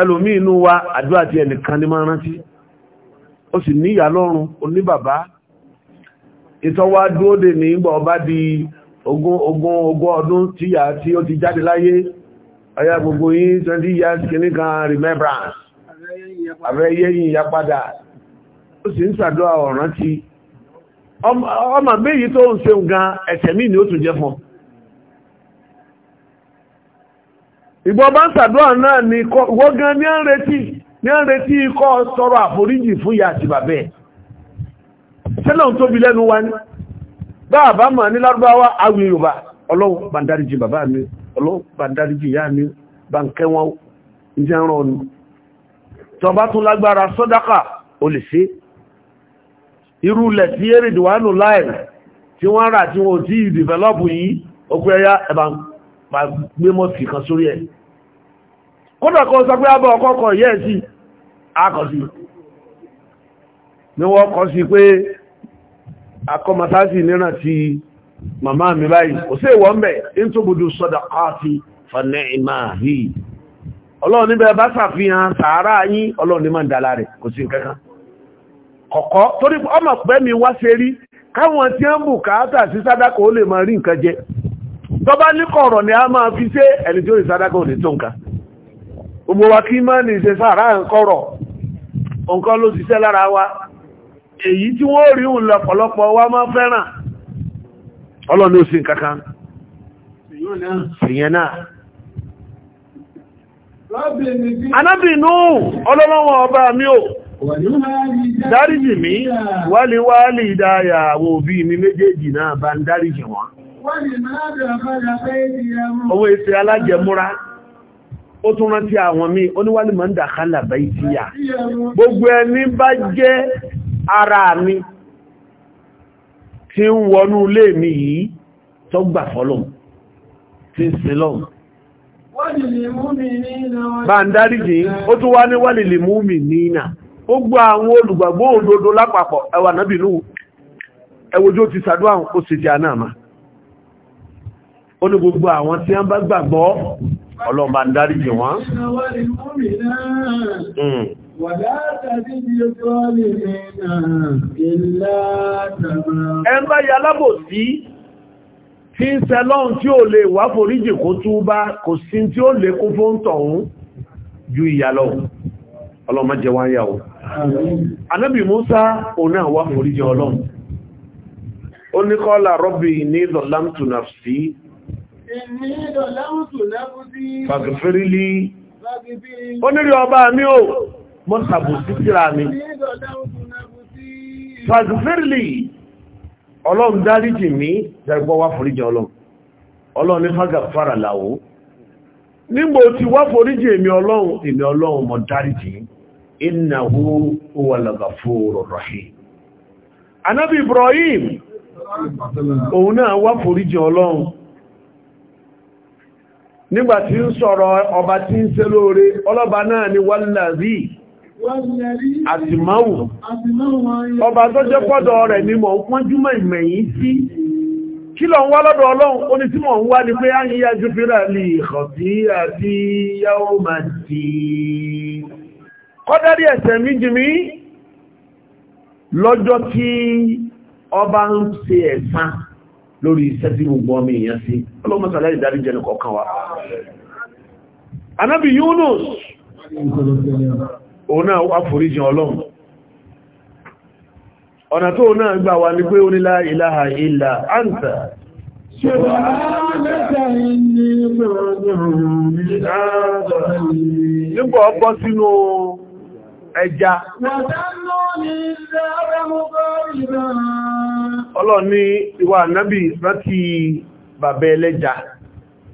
ẹlòmí inú wa àdúrà tí ẹnìkan ní máa rántí ó sì níyà lọ́run oní bàbá ìtọ́wà dúódè ní ìgbà ọba di ogún ogún ogún ọdún tíyà tí ó ti jáde láyé ọ̀yá gbogbo yìí 20 years kìíní kan remembrance àbẹ́yẹ́ yìí ya padà ó sì ń sàdọ́ ọ̀ràn ti ọmọ méjì tó ń ṣe gan ẹ̀ṣẹ̀ mí ni ó tún jẹ́ fún ìgbọ́ bá ń sàdọ́ náà ni wọ́n gan ní ń retí ní ń retí ikọ́ sọ̀rọ̀ àforíjì fún ìyá àti bàbẹ́ sẹ́lọ̀n tóbi lẹ́nu wa ní bá àbámọ̀ ní lárúbáwá awì yorùbá ọlọ́run bàndáríjì bàbá mi ọlọ́pàá dáríjì ìyá mi bá ń kẹ́ wọn iṣẹ́ ń rán ọnu tó bá tún lágbára sọ́dákà o lè ṣe irú lẹ̀ tí èrè ìdìwánù láì tí wọ́n rà tí wọ́n tí ìdìvẹ́lọ́pù yìí okú ẹyá ẹ̀bà gbé mọ́sí kan sórí ẹ̀ kódà sọ pé abọ́ ọkọ́kọ̀ yẹ́ sí akọ̀sí ni wọ́n kọ́ sí pé akọ́masásí níran ti màmá mi báyìí kò sí ìwọ̀n mẹ́ ìntòbùdù sọ́dà káàfi fànẹ́ ìmáàrí ọlọ́run níbẹ̀ bá sàfihàn sàárà yín ọlọ́run ní máa ń dàlá rẹ̀ kò sí nǹkankan kọ̀kọ́ torí ọmọ pẹ́ mi wá ṣe rí káwọn tí ń bù káàtà sí sádàkọ̀ ó lè máa rí nǹkan jẹ tó bá ní kọ̀rọ̀ ni a máa fi ṣe ẹni tí ó rí sádàkọ̀ ò ní tó nǹkan gbogbo wa kí ní ṣe sàárà nǹkan ló ṣiṣẹ́ lára wa èyí tí wọ́n rí wa máa fẹ́ràn ọlọ́run ní òsì kankan ìyẹn náà anábìnú ọlọ́lọ́wọ́ ọba mi ò dáríjì mi wáliwáli ìdáyà àwọn òbí mi méjèèjì náà bá ń dáríjì wọn owó ìsẹ́ alájẹmúra ó tún rántí àwọn mí oníwálìmọ̀ ń dàkálà bá ìtìyà gbogbo ẹni bá jẹ́ ara mi tí ń wọnú ilé mi yìí tó gbà fọ́lọ́m tí ń sin lọ́m bá ń dáríjì ó tún wá ní wálìlì mú mi nínà ó gbọ́ àwọn olùgbàgbọ́ òdodo lápapọ̀ ẹwà náà bínú ẹwòjó ti sàdúwà ó sì ti àná àmà ó ní gbogbo àwọn tí a ń bá gbàgbọ́ ọlọ́mbà wọ́n Ẹnbá ya lábòsí tí ń sẹlọ́n tí ó lè wá foríjì kó túbá kò sí tí ó lè kún fún tọ̀hún ju ìyà lọ. Ọlọ́mọ jẹ wá ń yàwó. Anábì Músá òun náà wá foríjì ọlọ́run. Ó ní kọ́lá rọ́bì ní Zọ̀lámtù Nàfsí. Ìní Zọ̀lámtù Nàfsí. Fàgbẹ̀fẹ́rí lí. Ó nírí ọba mi ò mọ́ sàbòsí síra mi fàzùfẹ́rìlì ọlọ́run dáríjì mí jẹ́gbọ́ wá foríjì ọlọ́run ọlọ́run ní fágà fara láwó nígbò tí wá foríjì èmi ọlọ́run èmi ọlọ́run mọ̀ dáríjì innahu huwal ghafurur rahim anábì Ibrahim òun náà wá foríjì ọlọ́run nígbàtí ń sọ̀rọ̀ ọba tí ń ṣe lóore ọlọ́ba náà ni wàlàzí àtìmáwù ọba tó jẹ́ pọ́dọ̀ rẹ̀ ni mọ̀ ń pọ́njúmọ̀ ìmẹ̀yìn sí kí lọ ń wá lọ́dọ̀ ọlọ́run ó ní tí mọ̀ ń wá ní pé áyí yájú fíra lè kọ̀ sí àti yáó ma ti kọ́dárí ẹ̀sẹ̀ mi jì mí lọ́jọ́ tí ọba ń ṣe ẹ̀san lórí iṣẹ́ tí gbogbo ọmọ èèyàn sí ọlọ́mọsàlẹ́ wa anábì Yunus òun náà wá foríjìn ọlọ́run ọ̀nà tó náà gbà wà ní pé ó ní la ilaha nígbà ọgbọ́ sínú ẹja ọlọ́ni ìwà nábì rántí bàbẹ́ ẹlẹ́ja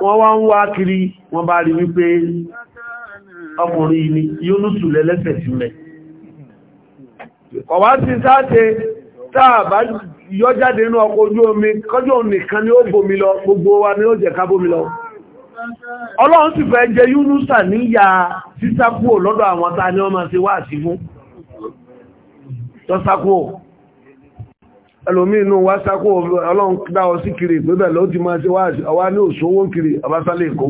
wọ́n wá ń wá kiri wọ́n bá rí wípé ọkùnrin ni Yúnúsù lẹ́lẹ́sẹ̀ sílẹ̀ ọ̀wá sí sáàtẹ tààbá yọjáde inú ọkọ̀ ojú omi kọjọ́ nìkan ni ó bomi lọ gbogbo wa ni ó jẹ ká bomi lọ Ọlọ́run sì fẹ́ jẹ Yúnúsà níyà sísákúò lọ́dọ̀ àwọn ta ni wọ́n máa ṣe wá sí fún tọ́sákúò ẹlòmí inú wá sákó ọlọ́run dá sí kiri ti máa ṣe wáàṣì àwa ní òṣòwò kiri àbásálẹ̀ èkó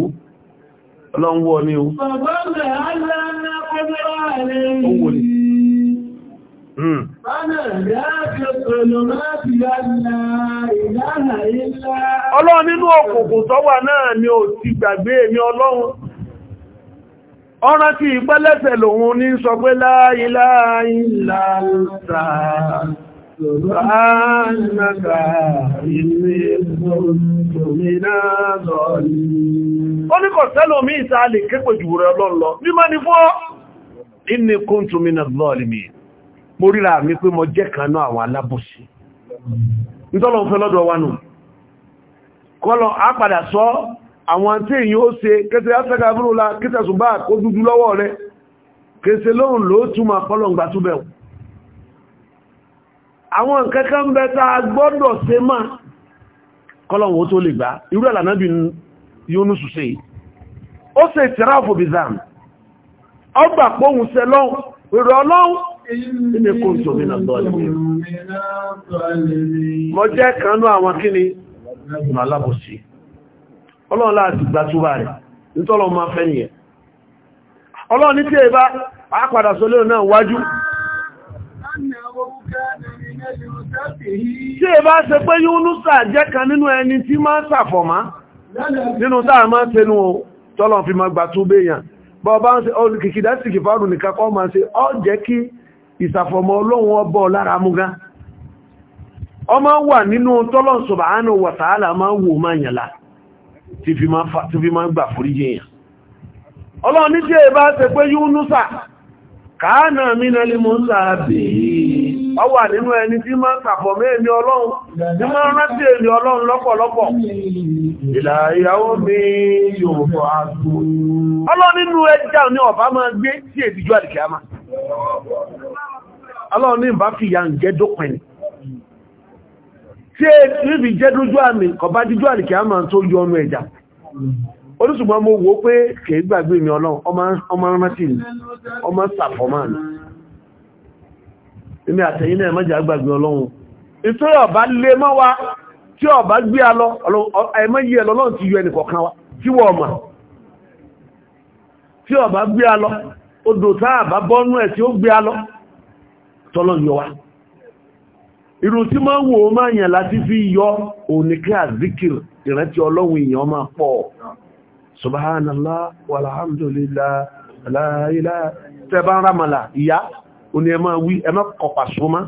ọlọ́run ní o ọlọ́run nínú òkùnkùn tó náà ni ò ti gbàgbé èmi ọlọ́run ọ̀rán tí ìpẹ́lẹ́sẹ̀ lòun ní sọ pé láàáyí láàáyí láàáyí سبحانك إني كنت من الظالمين ó ní kò sẹ́lòmí ìta lè képe jù rẹ lọ́lọ́ mímọ́ ni fọ́ inni kuntu min adh-dhalimin mo ríra mi pé mo jẹ́ kan náà àwọn alábòsí nítọ́lọ̀ ń fẹ́ lọ́dọ̀ wa nù kọ́lọ̀ á padà sọ àwọn tí èyí ó ṣe kẹsẹ̀ áfẹ́gà fúnrúnlá kẹsẹ̀ ṣùgbà kó dúdú lọ́wọ́ rẹ kẹsẹ̀ lóhun ló túnmà kọ́lọ̀ ń gbà túbẹ̀wò àwọn nǹkan kan bẹ tá a gbọ́dọ̀ ṣe mọ́ kọ́lọ̀wọ́ tó lè gbá irú àlànábì Yúnúsù ṣe ó ṣe ìtìráàfò bizam ọgbà pọ́hùn sẹ lọ́hùn ìrọ̀ ọlọ́hùn ilé kò tó mi náà lọ́lẹ̀ mọ́ jẹ́ kanú àwọn kíni ọlọ́run ní tí ẹ bá àpàdà náà wájú tí è bá ṣe pé yúnúsà jẹ́ kan nínú ẹni tí máa ń sàfọ̀má nínú táà máa ń tẹnu tọ́lọ̀ fi máa gbà tó béèyàn bọ́ bá ń ṣe olùkìkì dásìkì fáàrù nìkan kọ́ máa ṣe ọ jẹ́ kí ìsàfọ̀mọ́ ọlọ́run ọbọ̀ lára mú gá ọmọ wà nínú tọ́lọ̀ wa ta'ala máa wò máa yànlá tí fi máa gbà foríjì èèyàn ọlọ́run ní tí è bá ṣe pé yúnúsà káànà mínàlì mú sàábì ọ wà nínú ẹni tí máa ń tàpọ̀ èmi ọlọ́run tí máa ń rántí èmi ọlọ́run lọ́pọ̀lọpọ̀ ìlà ìyàwó mi yóò bọ̀ àgbò ọlọ́run nínú ẹjá ní ọ̀bá máa gbé sí èdìjú àdìkẹ́ àmà ọlọ́run ní ìbá fi ìyà ń jẹ́ dópin tí èdìjú jẹ́ dójú àmì kọ̀bá díjú àdìkẹ́ àmà tó yọ ọnu ẹja olùsùgbọ́n mo wò pé kèé gbàgbé mi ọlọ́run ọmọ rántí ọmọ sàfọ́mánì ilé àtẹ̀yìn náà gbàgbé ọlọ́run ìtò ọba lè mọ́ wa tí ọba gbé alọ́ ti yọ tí wọ́n mọ̀ tí gbé alọ́ odò táàbá bọ́nú ẹ̀ tí ó gbé alọ́ tọ́lọ́ yọ wa tí yọ òní kí ìrántí ọlọ́run máa pọ̀ subhanallah walhamdulillah la ilaha tẹ́bá ń rámàlà ìyá oní ẹmọ́ wí ẹmọ́ kọ pàṣó má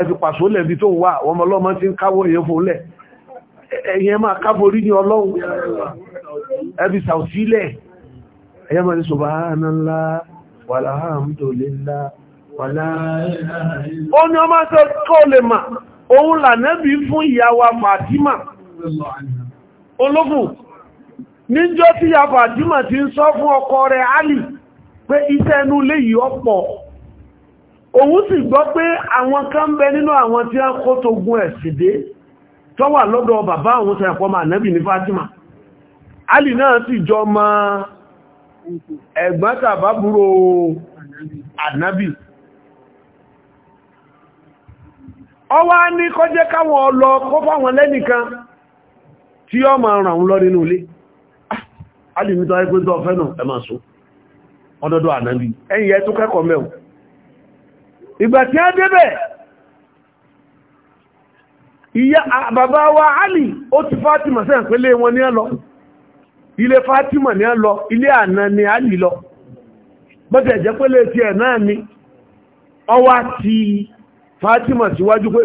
ẹti pàṣó lẹ́bí tó wà wọ́n mọ́ lọ́mọ́ tí ń káwọ́ èyàn fún lẹ̀ ẹ̀yẹn máa káborí ní ọlọ́run ẹbí sàúsílẹ̀ ẹ̀yẹ́ subhanallah walhamdulillah wàlá ó ní ọmọ tó kọ́ lè mà níjọ́ tí ya Fàtímà ti ń sọ fún ọkọ rẹ̀ Alì pé iṣẹ́ inú lè yí ọ̀pọ̀ òun sì gbọ́ pé àwọn kan bẹ nínú àwọn tí a kó tó gun ẹ̀sìdé tó wà lọ́dọ̀ bàbá àwọn sẹ̀pọ̀ mà nẹ́bì ní Fátímà Alì náà sì jọ mọ ẹ̀gbọ́n tàbábúrò ànábì ọwá ní kọjẹ́ káwọn ọlọ kọ́ fáwọn lẹ́nìkan tí ó máa ràn lọ nínú ilé alìmí tó ẹgbẹ́ tó fẹ́nà ẹ máa sọ ọdọ́dọ́ ànábì ẹ̀yìn ẹ̀ tó kẹ́kọ̀ọ́ mẹ́wù ìgbà tí a débẹ̀ ìyá bàbá wa alì ó ti Fátímà sẹ́yìn pé lé wọn ní ẹlọ ilé Fátímà ní lọ ilé àná ni alì lọ bọ́tẹ̀ jẹ́ pé lè ti ẹ̀ náà ni ọwá ti síwájú pé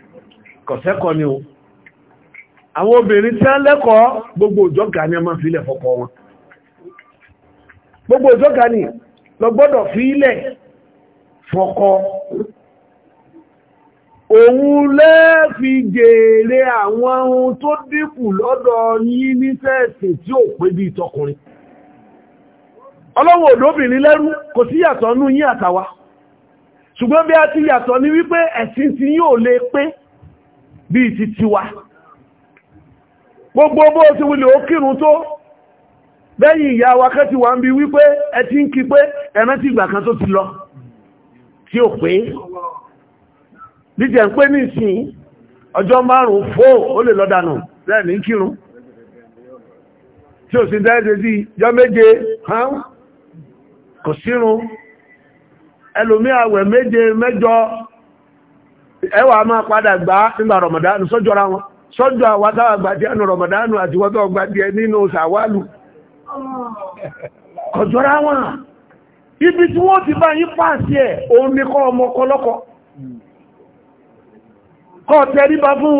kọ̀sẹ́kọ́ ni o àwọn obìnrin tí a lẹ́kọ̀ọ́ gbogbo òjọ́gà ni a máa fílẹ̀ fọ́kọ wọn gbogbo òjọ́gà ni lọ gbọ́dọ̀ fílẹ̀ fọ́kọ òun lẹ́ẹ̀fi jèrè àwọn ohun tó dínkù lọ́dọ̀ yín ní sẹ́ẹ̀sì tí ò pé bí tọkùnrin ọlọ́wọ̀ òdóbìnrin lẹ́rú kò sí yàtọ̀ nú yín àtàwa ṣùgbọ́n bí a ti yàtọ̀ ní wípé ẹ̀sìn tí yóò lè pé bí ti tiwa gbogbo bó ti wulẹ̀ ó kírun tó lẹ́yìn ìyá wa kẹ́ ti wà ń bi wípé ẹ ti ń kí pé ẹ̀rán ti ìgbà kan tó ti lọ tí ò pé díjẹ̀ ń pé ní ìsìn ọjọ́ márùn-ún fó ó lè lọ́dànù lẹ́ẹ̀ní kírun tí ò sí dẹ́ẹ̀dẹ́ sí jọ méje hàn kò sírun ẹlòmí àwẹ̀ méje mẹ́jọ ẹwà máa padà gbá nígbà rọmọdánù sọ́jọ́ra wọn sọ́jọ́ àwátáwà gbàdí ẹnu rọmọdánù àti wọ́tọ́ gbàdí ẹ nínú sàwálù ọjọ́ra wọn ibi tí wọ́n ti bá yí pàṣẹ ẹ̀ òun ni kọ́ ọmọ kọlọ́kọ́ kọ́ tẹríba fún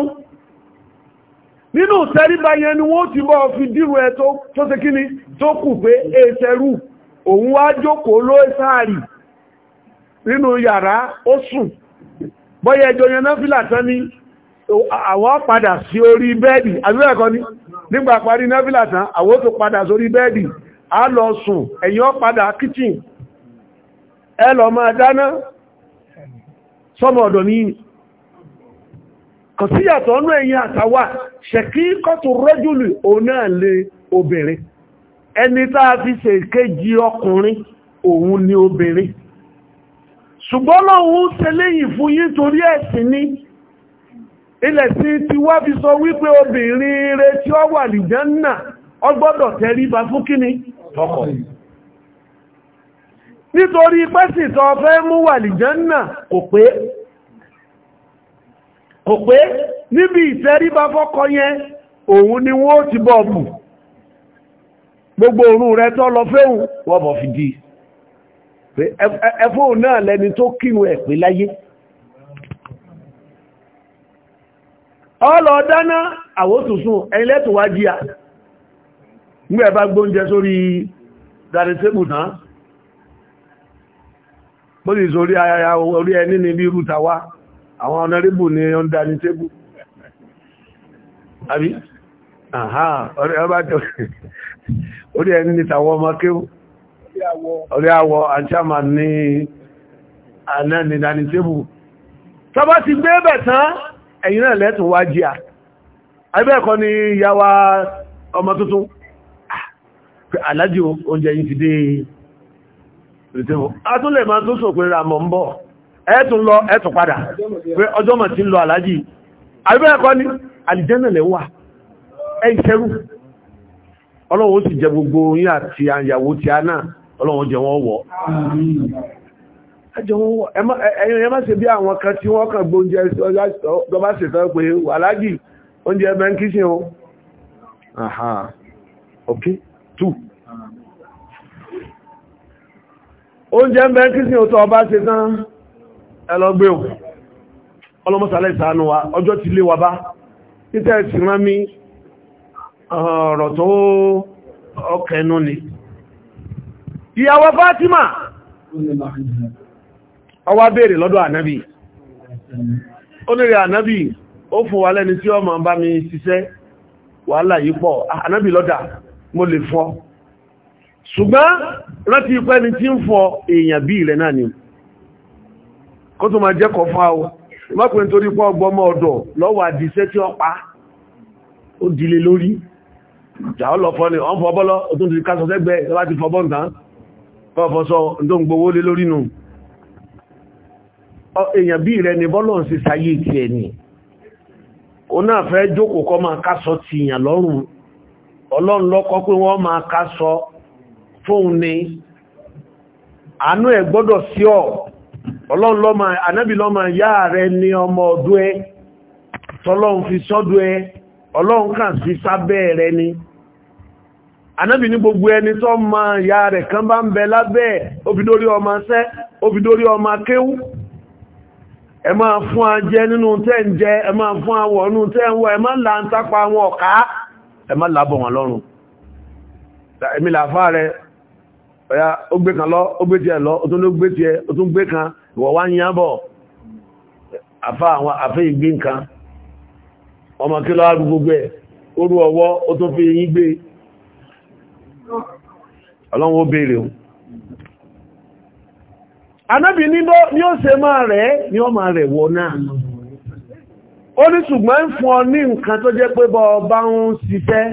nínú tẹríba yẹn ni wọ́n ti bọ́ fi dírù ẹ tó ṣe kíní tó kù pé èsẹ̀rù òun wá jókòó ló sáàrì nínú yàrá ó sùn bọ́yẹ ẹjọ́ yẹn náà fílà padà sí orí bẹ́ẹ̀dì àbúrẹ́kọ́ ní nígbà parí náà fílà tán àwọn tó padà sórí bẹ́ẹ̀dì a lọ sùn padà kíchìn ẹ lọ máa dáná sọmọ ọ̀dọ̀ ni ṣùgbọ́n lọ́hun ṣe léyìn fún yín torí ẹ̀sìn ni ilẹ̀ sí ti wá fi sọ wípé obìnrin rẹ̀ tí ó wà lìjánà ó gbọ́dọ̀ tẹríba fún kíni tọkọ nítorí pẹ́sì tó fẹ́ mú wà lìjánà kò kò pé níbi ìtẹríba fọ́kọ yẹn òun ni wọ́n ti bọ́ọ̀bù gbogbo òórùn rẹ̀ tó lọ fẹ́hùn wọ́bọ̀ fìdí ẹfóò náà lẹni tó kíwọ ẹ̀pẹ́ láyé ọlọ dáná àwótùsùn ẹni lẹ́tùn wá jíà nígbẹ̀ bá gbóúnjẹ sórí dàrẹ́tẹ́bù náà bó sì sórí ayaya orí ẹni ní bí rúta wá àwọn ọ̀nàrẹ́bù ni ó ń dání tẹ́bù àbí? àhá <laughs> orí ẹni ní tàwọn ọmọ kéwọ́ orí àwọ̀ àṣàmà ní ànáni dání tébù tọba ti gbé bẹ̀ tán ẹ̀yìn náà lẹ́tùn wá jíà abẹ́ẹ̀kọ́ ni yàwá ọmọ tuntun ah, alájí oúnjẹ yìí ti dé ìrìtẹ́wò a tún lè máa tó sọ pé ramọ̀ ń bọ̀ ẹ̀ẹ́tùn lọ ẹ̀ẹ́tùn padà pé ọjọ́ mọ̀ tí ń lọ alájí abẹ́ẹ̀kọ́ ni àlìjẹ́nà lẹ wà ẹ̀ẹ́kẹ́rù ọlọ́wọ́ sì jẹ gbogbo yín àti àyàwó ti a náà ọlọ́run jẹ wọ́ ẹ̀yìn ṣe bí àwọn kan tí wọ́n kàn gbo ọjọ́bá pé wà lágì oúnjẹ ẹgbẹ́ ń o aha ok two oúnjẹ ẹgbẹ́ ń kíṣẹ́ ọba ṣe tán ẹlọgbé o ọlọ́mọ́sàlẹ̀ ìsànú wa ọjọ́ ti lé wa bá títẹ́ ìsìnrán mi ìyàwó Fátímà ọwá béèrè lọ́dọ̀ ànábì onírè ànábì ó fún wa lẹ́ni tí ọmọ bá mi ṣiṣẹ́ wàhálà yìí pọ̀ ah, ànábì lọ́dà mo lè fọ́ ṣùgbọ́n rántí ipẹ́ ni tí ń fọ èèyàn bí ilẹ̀ náà ni kó tó máa jẹ́kọ̀ọ́ fún àwọ ìmọ́kùnrin torí pọ́ ọgbọ́mọ́ ọ̀dọ̀ lọ́wọ́ àdìsẹ́ tí ó pa ó dìle lórí ìjà ọlọ́fọ́ ni ọ̀n fọ́bọ́lọ́ ó ti ká sọ ti kọfọ́sọ́ tó ń gbowó lé lórí nù èyàn bí rẹ̀ ni bọ́lọ̀ sí sáyé ti ẹni o náà fẹ́ jókòó kọ́ máa kásọ ti èèyàn lọ́rùn ọlọ́run lọ́kọ́ pé wọ́n kásọ fóun ni àánú ẹ̀ gbọ́dọ̀ sí ọ̀ ọlọ́run lọ́mọ ànábì lọ́mọ yá rẹ ní ọmọ ọdún ẹ tọ́lọ́run fi sọ́dún ẹ ọlọ́run sí sábẹ́ ni. anábì ní gbogbo ẹni tó ma ya rẹ̀ kan bá ń bẹ lábẹ́ obìdórí ọmọ sẹ́ obìdórí ọmọ kéwú ẹ máa fún ajẹ́ nínú tẹ́ ń jẹ ẹ máa fún awọ nínú tẹ́ ń wọ ẹ ma la ń tápa wọn ọ̀ká ẹ ma làbọ̀ wọn lọ́rùn èmi làfá rẹ̀ ọ̀yá ó gbé kan lọ ó gbé tiẹ̀ lọ ó tún ló gbé tiẹ̀ ó kan ìwọ̀ wá ń yábọ̀ àfá àwọn àfẹ́ ìgbé nǹkan ọmọ kí lọ́wọ́ gbogbo ẹ̀ ó rú ọwọ́ ó tún fi yín ọlọ́run ó o anábì nílò ní ó ṣe máa rẹ̀ ní ó máa rẹ̀ wọ náà ó ní ṣùgbọ́n ń fún ọ ní nǹkan tó jẹ́ pé bọ́ bá ń ṣiṣẹ́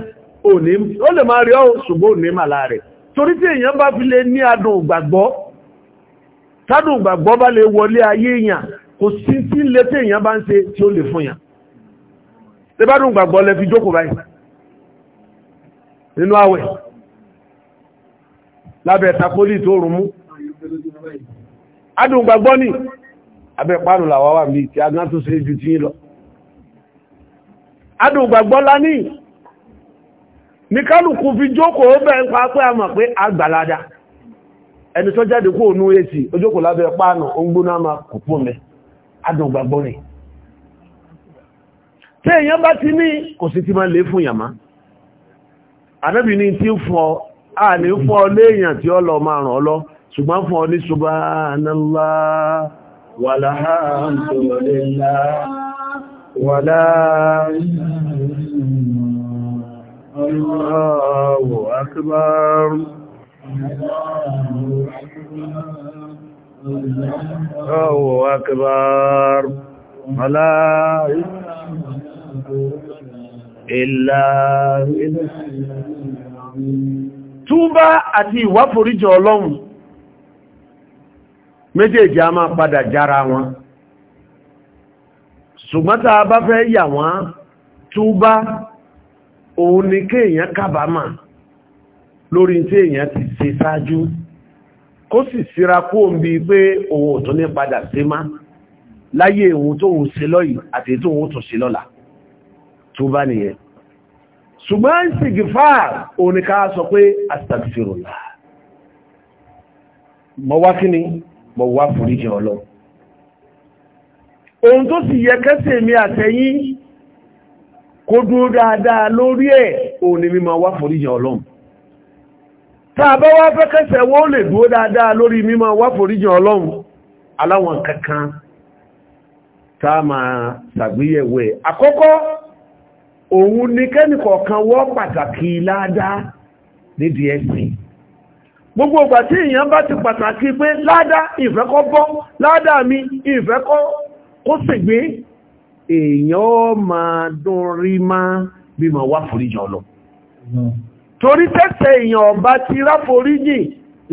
ó lè máa rí ọ́ ṣùgbọ́n òní màlá rẹ̀ torí tí èèyàn bá fi lè ní adùn ìgbàgbọ́ tádùn ìgbàgbọ́ bá lè wọlé ayé èèyàn kò sí tí lè tí èèyàn bá ń ṣe tí ó lè fún yàn lábẹ́ takólì tó rùn mú adùn gbàgbọ́ ní abẹ́ pàánù làwà wà mí tí agán tó ṣe jù tí lọ adùn gbàgbọ́ lání ní kálùkù fi jókòó bẹ́ ń pa pé a mọ̀ pé agbàlada ẹni tó jáde kó ònú èsì ojókòó lábẹ́ pàánù ó ń gbóná ma kò pò mẹ́ adùn gbàgbọ́ a ní fún ọ léèyàn tí ó lọ máa ràn ọ lọ ṣùgbọ́n fún ọ ní subhanallah wàlá wàlá Allahu akbar Allahu akbar túbá àti ìwáforíjọ ọlọ́run méjèèjì a máa padà jára wọn ṣùgbọ́n tá a bá fẹ́ yà wọ́n túbá òun ni kéèyàn kábàámà lórí tí èèyàn ti ṣe ṣáájú kó sì síra kó ń bi pé òun ò tún ní padà sí má láyé òun tó ń ṣe lọ́yìn àti tó ń tún ṣe lọ́la túbá nìyẹn ṣùgbọ́n ń sì gifá òníká sọ pé astagfirullah mọ̀ wá kí ni mọ̀ wá foríjì ọlọ́ ohun tó sì yẹ kẹ́sẹ̀ mi àtẹ̀yìn kó dúró dáadáa lórí ẹ̀ òní mi máa wá foríjì ọlọ́ tàbá wá fẹ́ kẹ́sẹ̀ wọ́n lè dúró dáadáa lórí mi máa wá foríjì ọlọ́run aláwọn kankan tá máa ṣàgbéyẹ̀wẹ̀ àkọ́kọ́ òun ní kẹ́nìkọ̀ọ̀kan wọ́n pàtàkì ládàá nídìí ẹ̀sìn gbogbo ọgbà tí èyàn bá ti pàtàkì pé ládàá ìfẹ́kọ́ bọ́ ládàá mi ìfẹ́kọ́ kó sì gbé èyàn ma dún rí má bí ma wá lọ torí tẹ́sẹ̀ èyàn ọba ti rá foríjì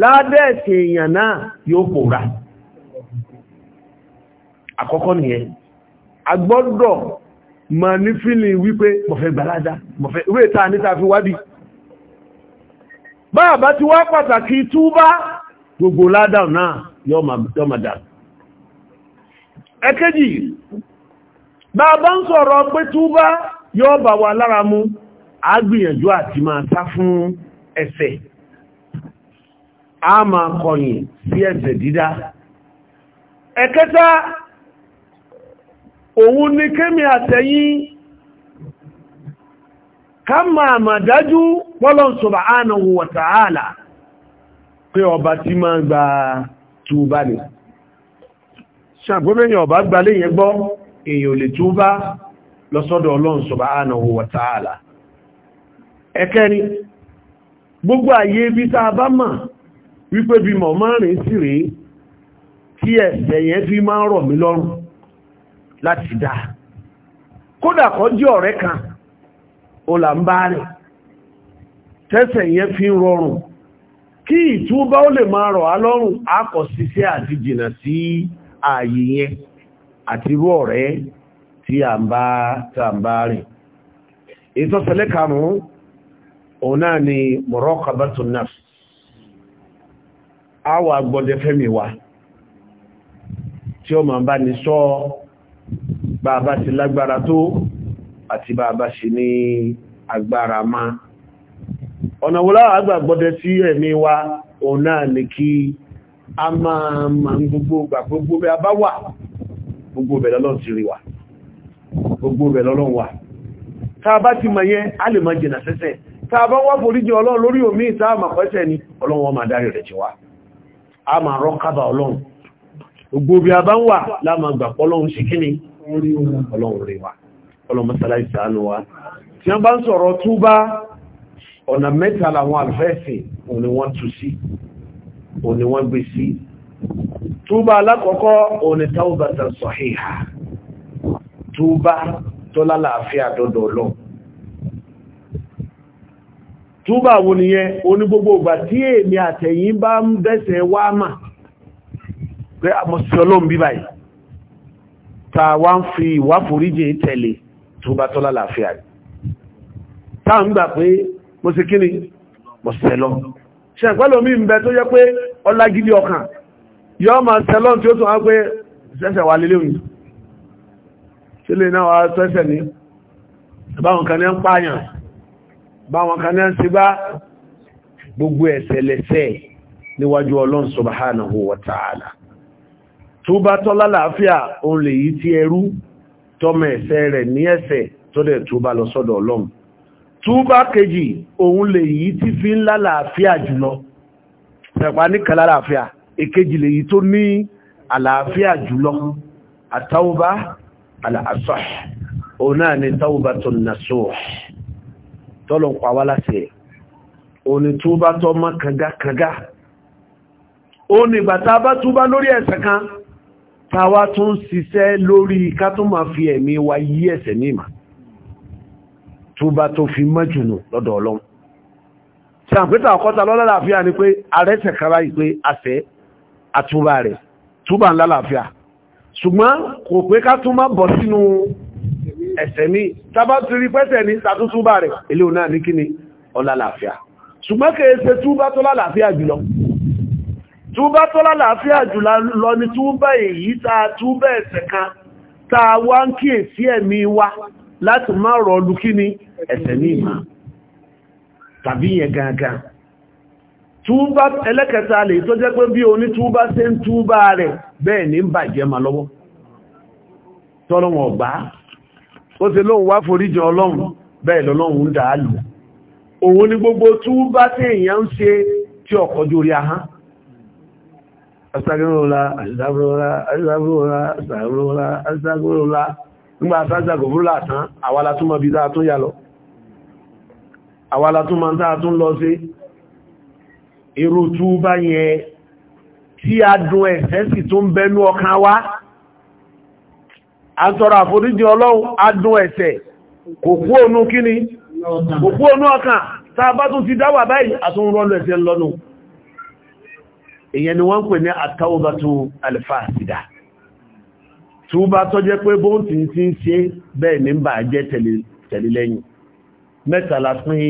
náà yóò àkọ́kọ́ nìyẹn ma ní fílì wípé mọ̀fẹ́ gbàládá mọ̀fẹ́ ìwé ìta níta fi wádìí báàbá ti wá pàtàkì túbá gbogbo ládà náà yọ ma dà ẹkẹ́jì báàbá ń sọ̀rọ̀ pé túbá yọ bà wà lára mú agbìyànjú àti máa sá fún ẹ̀ṣẹ̀ a máa kọ̀yìn sí ẹ̀ṣẹ̀ dídá ẹ̀kẹta òun ní kémi àtẹ̀yìn ká máa mà dájú pọ́lọ̀n subhanahu wa ta'ala pé ọba tí máa gba túbá lè ṣàgbọ́mẹ́yìn ọba gba léyìn gbọ́ èyàn lè túbá lọ́sọ́dọ̀ ọlọ́run subhanahu wípé bí mọ̀ márùn-ún sí rèé tí ẹ̀sẹ̀ fi máa rọ̀ mí lọ́rùn láti dá kódà kọ́ jẹ́ ọ̀rẹ́ kan ọlà ń bá rẹ̀ tẹ́sẹ̀ yẹn fi rọrùn kí ìtúbá ó lè máa rọ̀ alọ́rùn àkọ̀ síṣẹ́ àti jìnà sí ààyè yẹn àti irú ọ̀rẹ́ tí a ń bá tàbá rìn ìtọ́sẹ̀lẹ̀ karùn-ún òun náà ni muraqabatun nafs àwà gbọ́dẹ̀fẹ́mi wa tí ó máa bá ní sọ́ọ́ bàbá ṣe lágbára tó àti bàbá ṣe ní agbára má ọ̀nà wọlá àgbàgbọ́dẹ sí ẹ̀mí wa òun náà ní kí a máa ma gbogbo gbà gbogbo bẹ́ a bá wà gbogbo bẹ̀ lọ́lọ́n ti rí wa gbogbo bẹ̀ lọ́lọ́n wà tá a bá ti ma yẹn a lè ma jìnà sẹ́sẹ̀ tá bá wá foríjì ọlọ́run lórí omi tá a mà pẹ́sẹ̀ ni ọlọ́run wọn ma dárí rẹ̀ jì wá a ma rọ́ kábà ọlọ́run gbogbo bí a bá ń wà láàmà gbà pọ́lọ́run sí kíni ọlọ́run rí wa ọlọ́run mọ́sálá ìsànú wa tí wọ́n bá ń sọ̀rọ̀ túbá ọ̀nà mẹ́ta làwọn àlùfẹ́ẹ̀sìn òun ni wọ́n tú sí òun ni wọ́n gbé sí túbá alákọ̀ọ́kọ́ òun ni tawbatan sahiha túbá tó lálàáfíà dọ́dọ̀ ọlọ́run túbà wo nìyẹn oní gbogbo ìgbà tí èmi àtẹ̀yìn bá ń bẹ́sẹ̀ wá mà pé àmọ́sí ọlọ́run ta wá ń fi ìwà foríjì tẹ̀lé tó bá tọ́lá làáfíà rẹ̀ ta ń gbà pé mo sì kí ni mo sẹ́lọ́ ṣe ìpẹ́lò mi ń bẹ tó jẹ́ pé ọlágídí ọkàn yọ́ ma sẹ́lọ́ tí ó tún wá pé sẹ́sẹ̀ wà lélé òyìn ṣe lè náà wà sẹ́sẹ̀ ní báwọn kan ní ń pààyàn báwọn kan ní ń ṣe gbogbo ẹ̀ṣẹ̀ lẹ́ṣẹ̀ níwájú Ọlọ́run subhanahu wa ta'ala tó bá tọ́lá làáfíà òun lè yí tí ẹrú tọmọ ẹ̀ṣẹ̀ rẹ̀ ní ẹ̀ṣẹ̀ tó dẹ̀ tó bá lọ sọ́dọ̀ ọlọ́run tó bá kejì òun lè yí tí fi ń lálàáfíà jùlọ ẹ̀pá níkà lálàáfíà èkejì lè yí tó ní àlàáfíà jùlọ àtàwọ́bá àlàásọ̀ òun náà ni tàwọ́bá tó nà sọ tọ́lọ̀ ń pa wá tó bá tọ́ mọ́ kangakanga òun ni bàtà bá túbá lórí ẹ̀ṣẹ̀ kan tàwa tún ṣiṣẹ́ lórí ká tó máa fi ẹ̀mí wa yí ẹ̀sẹ̀ mímà tó bá tó fi mọ́jùnù lọ́dọ̀ ọlọ́run ṣàpẹta ọkọ́ta lọ́lọ́láàfíà ni pé àrẹ́sẹ̀ kára ìpé àṣẹ àtúbà rẹ̀ túbà ńlálàáfíà ṣùgbọ́n kò pé ká tún máa bọ̀ sínú ẹ̀sẹ̀ ní tàbá ti rí pẹ́sẹ̀ ní sàtútúbà rẹ̀ ilé ní kíni ọlálàáfíà ṣùgbọ́n kèé ṣe túbà tó lálàáfíà jùlọ túbá tó lálàáfíà jù lọ ni túbá èyí tàà túbá ẹ̀sẹ̀ kan tàà wá ń kíyèsí ẹ̀mí wa láti má lukini kí ni ẹ̀ṣẹ̀ ní ìmá tàbí yẹn gangan túbá ẹlẹ́kẹta lè tó jẹ́ pé bí oní túbá ṣe ń túbá rẹ̀ bẹ́ẹ̀ ní ń bàjẹ́ ma lọ́wọ́ tọ́lọ́wọ̀n ọ̀gbá gbogbo asagirola asagirola asagirola asagirola asagirola nígbà asagirola tán àwàlá tún mọ̀ bí dáa tún yà lọ àwàlá tún mọ̀ dáa tún lọ sí èrò tú bá yẹn tí a dùn ẹ̀fẹ́ sì tún bẹnu ọkàn wá a tọrọ àforíjì ọlọ́run a dùn ẹ̀ṣẹ̀ kò kú ònú kíni kò kú ònú ọkàn tá bá tún ti dáwà báyìí àtúnrọ́lù ẹ̀ṣẹ̀ lọ́nù ìyẹn ni wọ́n pè ní àtàwọ̀bátú alfáàsìdá túbá tó jẹ́ pé bóhùn tí tí ń ṣe bẹ́ẹ̀ ní bà jẹ́ tẹ̀lélẹ́yìn mẹ́tàlá pín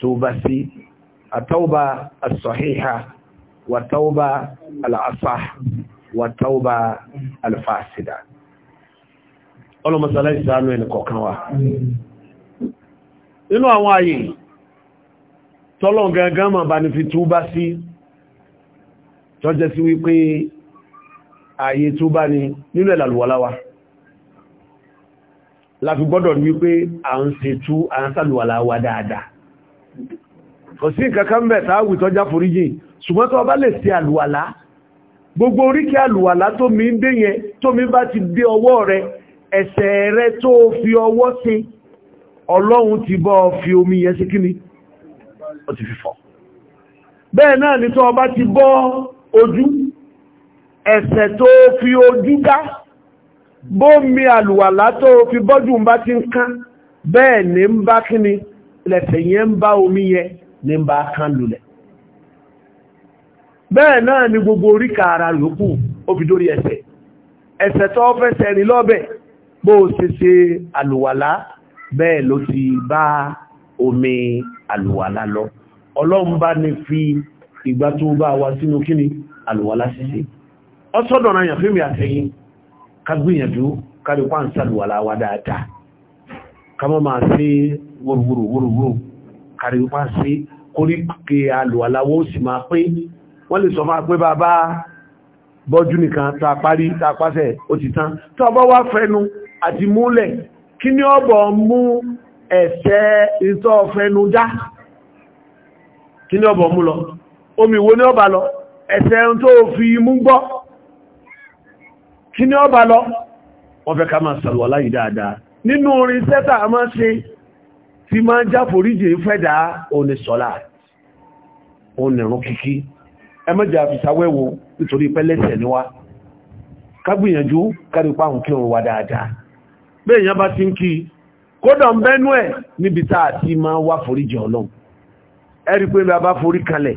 túbá sí àtàwọ̀bá asọ̀híhá wàtàwọ̀bá al'asá wàtàwọ̀bá wa fi tó jẹ́ sí wípé ààyè tó bá ní nínú ẹ̀làlùwàláwà láti gbọ́dọ̀ ní wípé à ń ṣe tú à ń sàlùwàláwà dáadáa kò sí kankan bẹ̀ táwì tó já foríjì ṣùgbọ́n tó bá lè ṣe àlùwàlá gbogbo oríkẹ́ àlùwàlá tó mi ń dé yẹn tó mi bá ti dé ọwọ́ rẹ ẹsẹ̀ rẹ tó fi ọwọ́ sí ọlọ́run ti bọ́ fi omi yẹn sí kíni ó ti fi fọ̀ bẹ́ẹ̀ náà ni tó bá ti bọ́ ojú ẹ̀sẹ̀ tó fi ojú dá bómi àlùwàlá tó fi bọ́jú ń bá ti ń kán bẹ́ẹ̀ ní ń bá kíni lẹ̀sẹ̀ yẹn ń bá omi yẹn ní ń bá kán lulẹ̀ bẹ́ẹ̀ náà ni gbogbo oríkà ara yòókù ó fi dórí tó fẹ́sẹ̀ rìn lọ́bẹ̀ bó ṣe ṣe àlùwàlá bẹ́ẹ̀ ló ti bá omi àlùwàlá lọ ọlọ́run bá ní fi ìgbà tó bá wa sínú kíni àlùwàlá ṣíṣe ọ́sọ́dọ̀nà yàn fíìmì àtẹ́yìn ká gbìyànjú kárípá ń sàlùwàlá wa dáadáa ká mọ́ máa sí wòrùwòrùwòrùwò kárípá sí koríkè àlùwàlá wó sì máa pé wọ́n lè sọ máa pé bàbá bọ́jú nìkan ta parí ta pàṣẹ ó ti tán tó bá wá fẹnu àti múlẹ̀ kí ni ọ̀bọ̀ mú ẹ̀ṣẹ̀ ìtọ́ fẹnu já kí ni ọ̀bọ̀ mú lọ omi wo ní ọba lọ ẹ̀sẹ̀ ohun tó fi mú gbọ́ kí ní ọba lọ wọ́n fẹ́ ká máa sàlùwà láyìí dáadáa nínú orin sẹ́tà a máa ṣe tí máa jáforíjì fẹ́dà òní sọ́lá òní rún kíkí ẹmọ́jà àfisàwẹ́wò nítorí pẹ́lẹ́sẹ̀ níwá kágbìyànjú kárípá òun kí òun wá bá forí kalẹ̀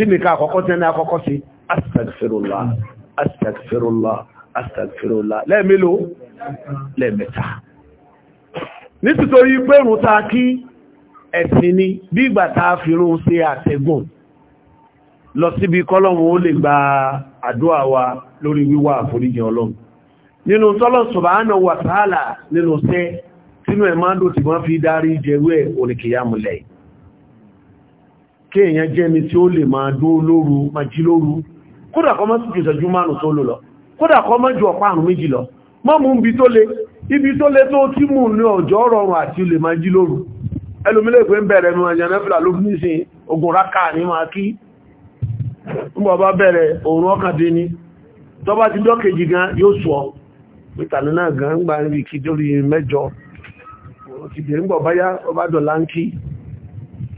kí ni ká àkọ́kọ́ tí ẹni àkọ́kọ́ sí astagfirullah astagfirullah astagfirullah lẹ́ẹ̀mélòó lẹ́ẹ̀mẹ́ta nítorí pé rùn ta kí ẹ̀sìn ni bí ìgbà ta fi rún sí àtẹ́gùn lọ síbi kọ́lọ́run ó lè gba àdúrà wa lórí wíwá àforíjì ọlọ́run nínú tọ́lọ̀ subhanahu wa ta'ala nínú sẹ́ sínú ẹ̀ tí wọ́n fi dárí jẹ́wẹ́ òrìkìyàmùlẹ̀ yìí kéèyàn jẹ́ mi tí ó lè máa dó lóru ma jí lóru kódà kọ́ mọ́ sí jù márùn tó lò lọ kódà kọ́ mọ́ ọ̀pá àrùn méjì lọ mọ́ mú ibi tó le ibi tó le tó tí mú ní ọjọ́ rọrùn àti lè máa jí lóru bẹ̀rẹ̀ ló ní ogun ní ma kí bá bẹ̀rẹ̀ òun dé ní bá ti kejì gan sọ gan gbà ń rí kí dórí mẹ́jọ ń bọ̀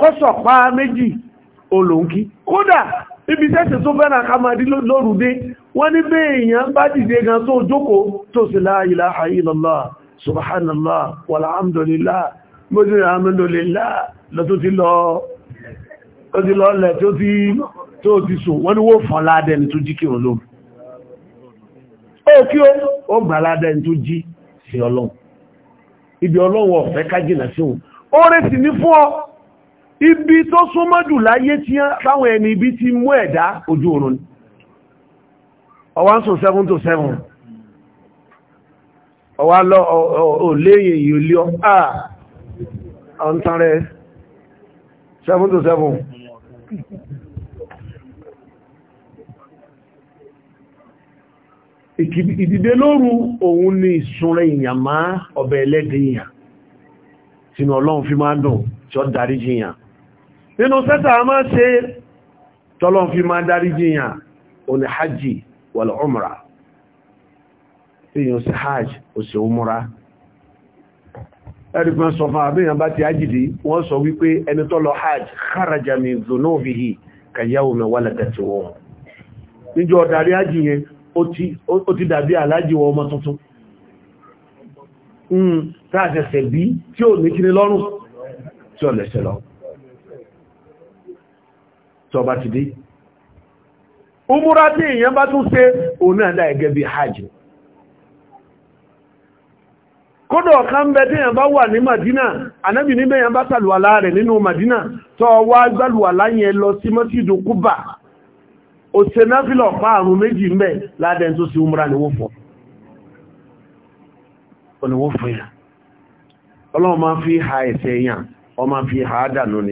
kọ́sọ̀pá méjì olóǹkí kódà ibi tẹ́sẹ̀ tó fẹ́ràn àkàmàdí lórúdé wọ́n ní bẹ́ èèyàn bá dìde gan tó jókòó tó sì la ilaha illallah subhanallah walhamdulillah mọ́sílẹ̀ alhamdulillah lọ tó ti lọ lẹ̀ tó ti sùn wọ́n ní wó fọ́n ládẹni tó jí kí o lóòrùn ó kí ó gbà ládẹni tó jí sí ọlọ́run ibi ọlọ́run ọ̀fẹ́ kájìnà sí òun ó rẹ̀ sì ní fún ọ ibi tó súnmọ́ jù láyé tí táwọn ẹni ibi ti mú ẹ̀dá ojú oorun ni ọwá ń sùn 7 to 7 ọwá lọ òléyìn ìlú àà ọ̀ntán rẹ̀ 7 to 7 ìdìde lóru òun ni ìsúnrẹ̀ ìyàmá ọ̀bẹ̀ ẹlẹ́dẹ̀ ìyàn sínú ọlọ́run fi máa dùn tí ó darí jìyàn nínú sẹ́ta a máa ṣe tọ́lọ́n fi máa dárí jíyàn òní hajji wal umra èyàn sí hajj ò sí umra ẹ̀rìgbọ́n sọ fún àbíyàn bá ti hajjìdí wọ́n sọ wípé ẹni tọ́lọ hajj kharaja min dhunubihi kayawmi waladatu wọn níjọ́ ọ̀dàrí hajji yẹn ó ti dàbí aláàjì wọn ọmọ tuntun hmm, táàṣẹ̀ṣẹ̀ bí tí ò ní kí ni lẹ́sẹ̀ lọ́rùn tó bá ti dé umura tí bá tún ṣe òun náà bí hajj kódò ọ̀kan ń wà ní madina anábì níbẹ̀ bá sàlùwàlá rẹ̀ nínú madina tó wá gbàlùwàlá yẹn lọ sí mọ́sídù kúbà òṣè náfìlọ̀ pa àrùn méjì ń bẹ ládẹ́ tó fi ha ọ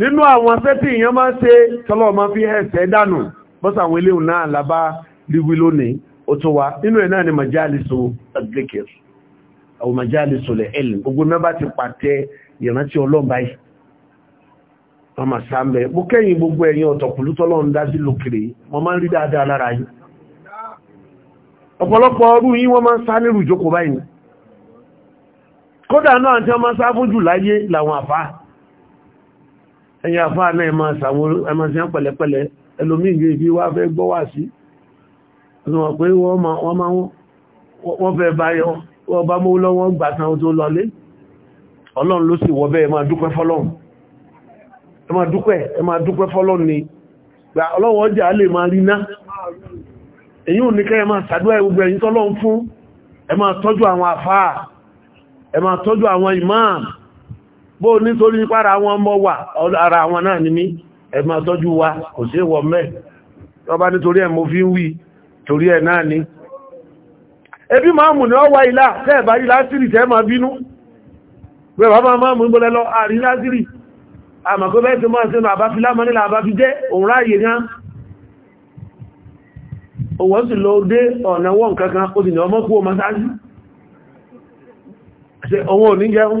nínú àwọn sẹ́tì èèyàn máa ń ṣe tọ́lọ̀ máa fi ẹ̀ṣẹ̀ dànù bọ́sà àwọn ilé òun náà lábá ríwí lónìí ó tó wá nínú ẹ̀ náà ni majalisu adlikir àwọn majalisu lẹ̀ ẹ̀lì gbogbo mẹ́bà ti pàtẹ ìrántí ọlọ́mbà yìí wọ́n máa sá mẹ́ mo kẹ́yìn gbogbo ẹ̀yìn ọ̀tọ̀kùlú tọ́lọ́run dá sí lókèrè wọ́n máa ń rí dáadáa lára yìí ọ̀pọ̀lọpọ̀ kódà náà àti wọ́n máa ń jù láyé làwọn àfáà ẹ̀yà afá náà ẹmọ sàwọn ẹmọ̀síyàn pẹ̀lẹ̀pẹ̀lẹ̀ ẹlòmí ìgbé ibi wá fẹ́ gbọ́ wà sí ọ̀nà pé wọ́n fẹ́ báyọ wọ́n bá mú lọ́wọ́ gbà tán tó lọlé ọlọ́run ló sì wọ́ bẹ́ẹ̀ ni gbà ọlọ́run ọjà lè máa rí ná èyí ò ní kẹ́ ẹ máa tọ́jú àwọn àfáà bó ní torí pára wọn mọ́ wà ara wọn náà ni mí ẹ máa tọ́jú wa kò sí wọ mẹ́ ọba nítorí ẹ̀ mo fi ń wí torí ẹ̀ náà ni ẹbí máa mù ní ọwà ilá tẹ́ẹ̀bá rí lásìrì tẹ́ẹ̀ máa bínú bẹ́ẹ̀ bá máa mú ìbọ̀lẹ̀ lọ àrí lásìrì àmàkó bẹ́ẹ̀ tí máa sínú àbáfi lámọ́nílà àbáfi jẹ́ òun ráyè rán òwò sì lọ dé ọ̀nà wọ́n kankan ó sì ní ọmọ kú ọmọ sáájú ọwọ́ òní jẹun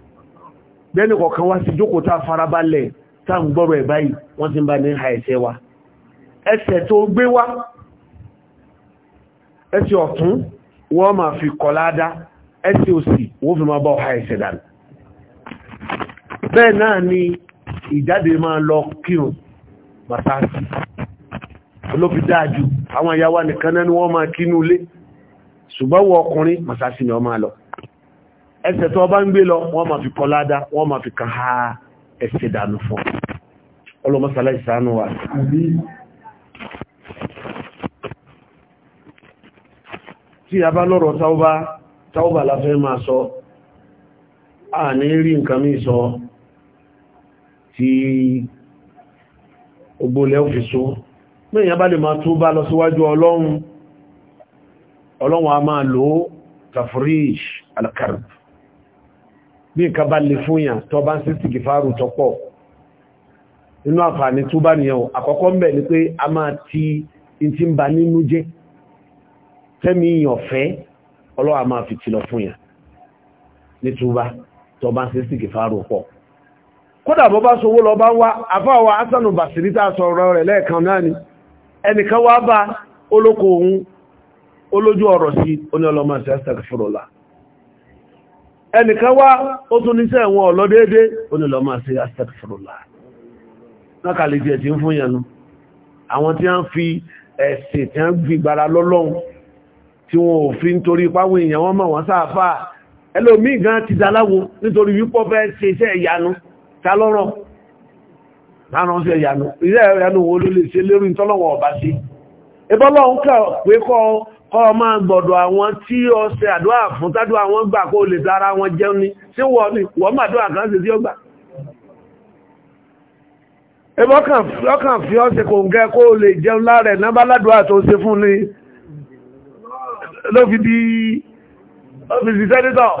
bẹ́ẹ̀ni kọ̀kan wá sí jókòó tá farabalẹ̀ tá ń gbọ́rọ̀ ẹ̀ báyìí wọ́n ti ń bá ní ha ẹ̀ṣẹ̀ wa ẹ̀ṣẹ̀ tó gbé wá ẹ̀ṣẹ̀ ọ̀tún wọ́n máa fi kọ̀ láadá ẹ̀ṣẹ̀ òsì wọ́n fi máa bá ọha ẹ̀ṣẹ̀ dànù bẹ́ẹ̀ náà ni ìjáde máa lọ kírun màtàsí olófi dáájú àwọn ìyàwó nìkan náà ni wọ́n máa kínú ilé ṣùgbọ́n wọ ọkùnrin màtàsí ni wọ́n máa lọ ẹsẹ̀ tó bá ń gbé lọ wọ́n ma fi kọ ládá wọ́n ma fi kàn ha ẹsẹ̀ dànù fún ọlọ́mọsàlá ìsànú wa tí a bá lọ́rọ̀ taubá taubá la fẹ́ máa sọ a ní rí nǹkan mí sọ tí ogbólẹ̀ òfin so mẹ́yìn bá lè máa tó bá lọ síwájú ọlọ́run ọlọ́run a máa lò tafrish alkarb bí nǹkan bá lè fún yàn tó bá ń sí sìgìfàárù tó pọ̀ inú àǹfààní tó bá nìyàn àkọ́kọ́ ń bẹ̀ ni pé a máa ti ti ń ba nínú jẹ́ tẹ́mi yàn fẹ́ ọlọ́wà máa fi tìlọ fún yàn ní túbá tó bá ń sí sìgìfàárù pọ̀ kódà bó bá sowó lọ bá ń wá àfáwà asánù bàṣírítà sọ̀rọ̀ rẹ̀ lẹ́ẹ̀kan náà ni ẹnìkan wá bá olóko òun olójú ọ̀rọ̀ sí oní ọlọ́mọ sí astagfirullah ẹnìkan wá ó tún níṣẹ́ ẹ̀wọ̀n ọ̀lọ́dẹ́dẹ́ ó ní lọ máa ṣe astaghfirullah nákàlẹ̀ jẹ́ ti ń fún yẹnu àwọn tí a ń fi ẹ̀sìn tí a ń fi gbára lọ́lọ́run tí wọn ò fi nítorí páwọn èèyàn wọn mọ̀ wọ́n sáàfà ẹlòmíì gan ti daláwo nítorí wípọ́ fẹ́ ṣe iṣẹ́ ìyanu ta lọ́rọ̀ lánà ìyanu kọ́ ọmọ gbọ̀dọ̀ àwọn tí ọ ṣe àdúrà fún tádù àwọn gbà kó lè dára wọn jẹun ni tí wọ́n ni wọ́n màdúrà kan sí sí ó gbà ẹbọ́kàn fi ọ́ ṣe kò ń gẹ́ kó lè jẹun láàrẹ̀ náà ládùúrà tó ṣe fún ni ló fi di ọ́fíìsì sẹ́dítọ̀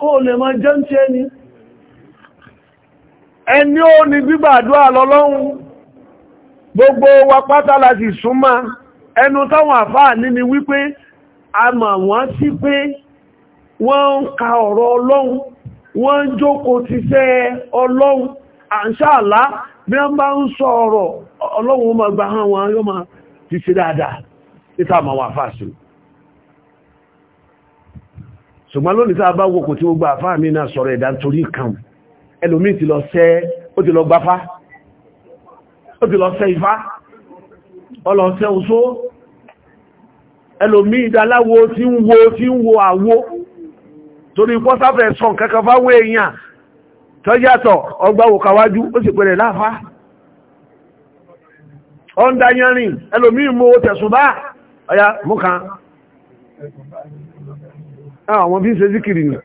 kó lè máa jẹun tí ẹni ẹni ó ní gbígbàdúrà lọ́lọ́run gbogbo wa pátá láti súnmọ́ ẹnu táwọn àfáà ní ni wípé a mà wọ́n sí pé wọ́n ka ọ̀rọ̀ ọlọ́run wọ́n ń jókòó ti ọlọ́run àṣàlá bí wọ́n bá ń sọ ọ̀rọ̀ ọlọ́run ma gba hàn wọn yọ́ ma ti ṣe dáadáa títà wọn sí ṣùgbọ́n lónìí wọ́kò tí ó gba àfáà mi náà sọ̀rọ̀ ẹ̀dá kan ẹlòmí ti lọ sẹ́ ó ti lọ gbáfá ó ti lọ sẹ́ ifá ọlọ́fẹ́ oṣó ẹlòmí ìdáláwo tí ń wo tí ń wo àwo torí pọ́sáfẹ́ sọ kankan fáwọ́ èèyàn tó yàtọ̀ ọgbàwòkàwájú ó sì pẹ̀lẹ̀ láfá ọ́ndáyẹrin ẹlòmí mú tẹ̀sùnbá ọya múkan ah, àwọn bí ń ṣe zíkìrì nì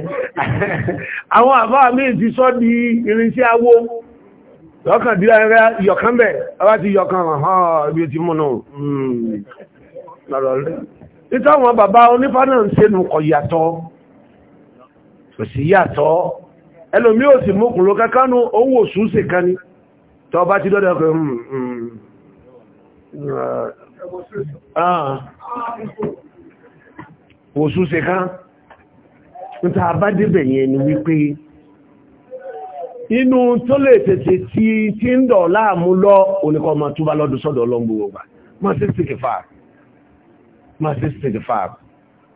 <laughs> àwọn àbá mi ti sọ́ di irinṣẹ́ awó lọ́kàn bí ẹgbẹ́ yọ̀kan bẹ̀ ọwá ti yọ̀kan ọ̀hán ibi ti múnú hmm. lọ́rọ̀ rẹ̀ nítàwọn bàbá onífà náà ń sẹ́nu kọ̀ yàtọ̀ kò sí yàtọ̀ ẹlòmí ò sì mú kùnlọ kankanu owó òsúnṣe kan ní tọ́ bá ti hmm, hmm. Ah. ni wípé inú tó lè tètè tí tí ń dọ̀ láàmú lọ oníkọ́ ma túbá lọ́dún sọ́dọ̀ ọlọ́gbogbo gbà má sí sìkìfà má sí sìkìfà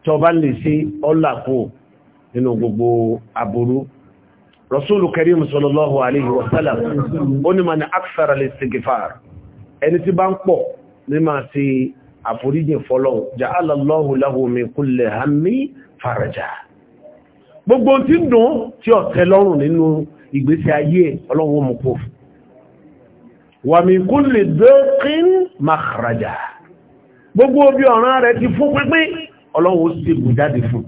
tọba lè sí ọlàkó nínú gbogbo aburú rasulu karim sallallahu alaihi wasallam ó ní ma ní akthara lè sìkìfà ẹni tí bá ń Allahu lahu min kulli faraja gbogbo tí ń dùn tí ọ̀tẹ́ lọ́rùn nínú ìgbésí ayé ọlọ́run ó mú kó wa min kulli dókín makhraja gbogbo bí ọ̀ràn rẹ̀ ti fún pínpín ọlọ́run ó sì bù jáde fún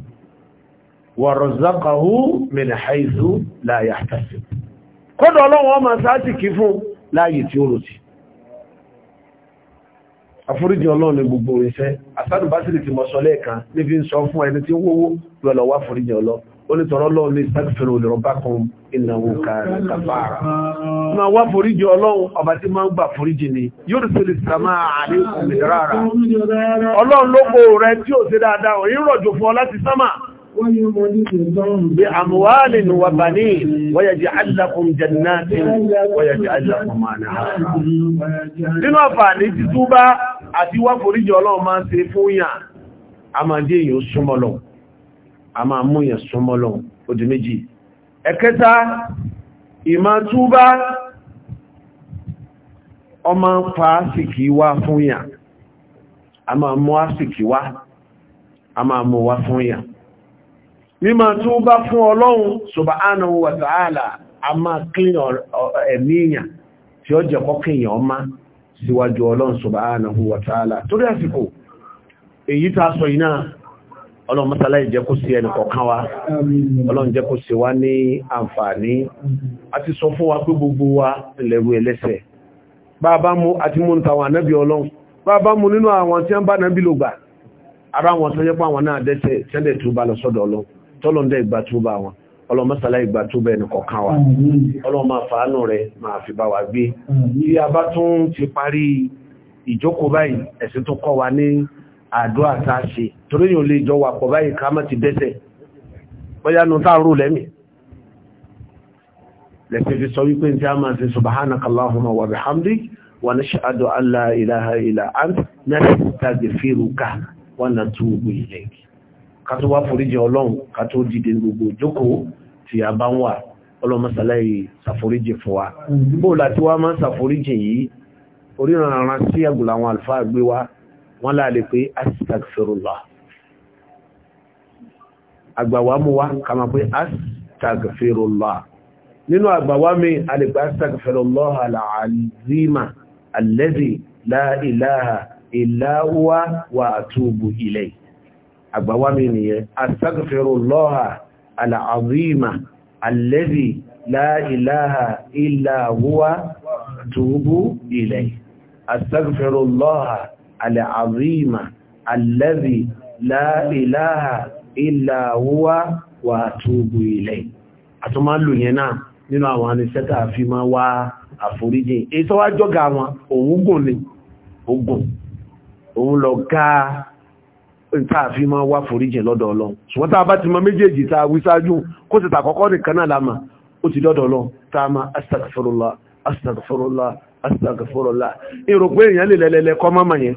wa razaqahu min haythu la yahtasib kọ́dọ̀ ọlọ́run ọmọ sáàtì kí fún láàyè tí ó rò sí àforíjì ọlọ́run ní gbogbo ìfẹ́ àsádù bá sílì ti mọ̀ sọ lẹ́ẹ̀kan níbi ń sọ fún ẹni tí ń wówó lọ́lọ́wọ́ àforíjì ọlọ́ ó ní tọrọ ọlọ́run ní sáàtì fẹ́rẹ̀ olùrọ̀bá kan ìnáwó kààrẹ kàfàrà. Ma wá foríjì ọlọ́run ọba tí máa ń gbà foríjì ni, yóò sílè sàmà àrí òmìnirára. Ọlọ́run lókò rẹ tí ó ṣe dáadáa, òyí rọ̀jò fún ọ láti sámà. Bí àmúwálì ni wà bà ní wọ́yẹ̀jì alákùn jannati wọ́yẹ̀jì alákùn máa ní Nínú àfààní ẹ̀kẹta ìmá túbá ọmọ fa àsìkí wá fún yà a máa mú àsìkí wá a máa mú wá fún yà mímá túbá fún ọlọ́run subhanahu wa ta'ala a máa kílìn ẹ̀míyàn tí ó jẹ́ kọ́kìyàn ọmá síwájú ọlọ́run subhanahu wa ta'ala torí àsìkò èyí ta sọ ọlọ́run mọ́sálá ìjẹ́ kó sí ẹnì kọ̀ọ̀kan wa ọlọ́run jẹ́ kó sí wa ní àǹfààní a ti sọ fún wa pé gbogbo wa lẹ́rù ẹlẹ́sẹ̀ bàbá mú àti mú tàwọn ànábì ọlọ́run bàbá mú nínú àwọn tí wọ́n bá nábì ló gbà ara wọn tó jẹ́ àwọn náà dẹ́sẹ̀ tẹ́lẹ̀ tó bá lọ sọ́dọ̀ ọlọ́run tọ́lọ́ndẹ́ wa ọlọ́run máa fàánù rẹ̀ máa fi bá wa gbé tí a bá àdúrà tá a ṣe torí yóò lè jọ wàpọ̀ báyìí ká má ti dẹ́sẹ̀ bóyá nu tá a lẹ́sẹ̀ fi sọ wípé tí a máa ṣe subhanaka Allahumma wa bihamdik wa nashhadu an la ilaha ant nastaghfiruka wa natubu ilayk ká tó wá foríjì ọlọ́run ká tó dìde gbogbo jókòó tí a bá ń wà ọlọ́mọsàlẹ́yì ṣàforíjì fún wa bóòlà tí wá máa ṣàforíjì yìí wọ́n láàlè pé astagfirullah àgbàwámú wa kàmà pé astagfirullah nínú àgbàwámi àlè pé astagfirullah alàzíma alladhi la ilaha illa huwa wa atubu ilayhi àgbàwámi nìyẹn astagfirullah alàzíma alladhi la ilaha illa huwa wa atubu ilayhi al'azima alladhi la ilaha illa huwa wa atubu ilayhi àtúnmá lò yẹn náà nínú àwọn anisẹ́ta fi máa wá àforíjì èyí tó wá ogun lọ ká ìta fi máa wá foríjì lọ́dọ̀ Ọlọ́run ṣùgbọ́n tá a bá ti mọ méjèèjì tá ti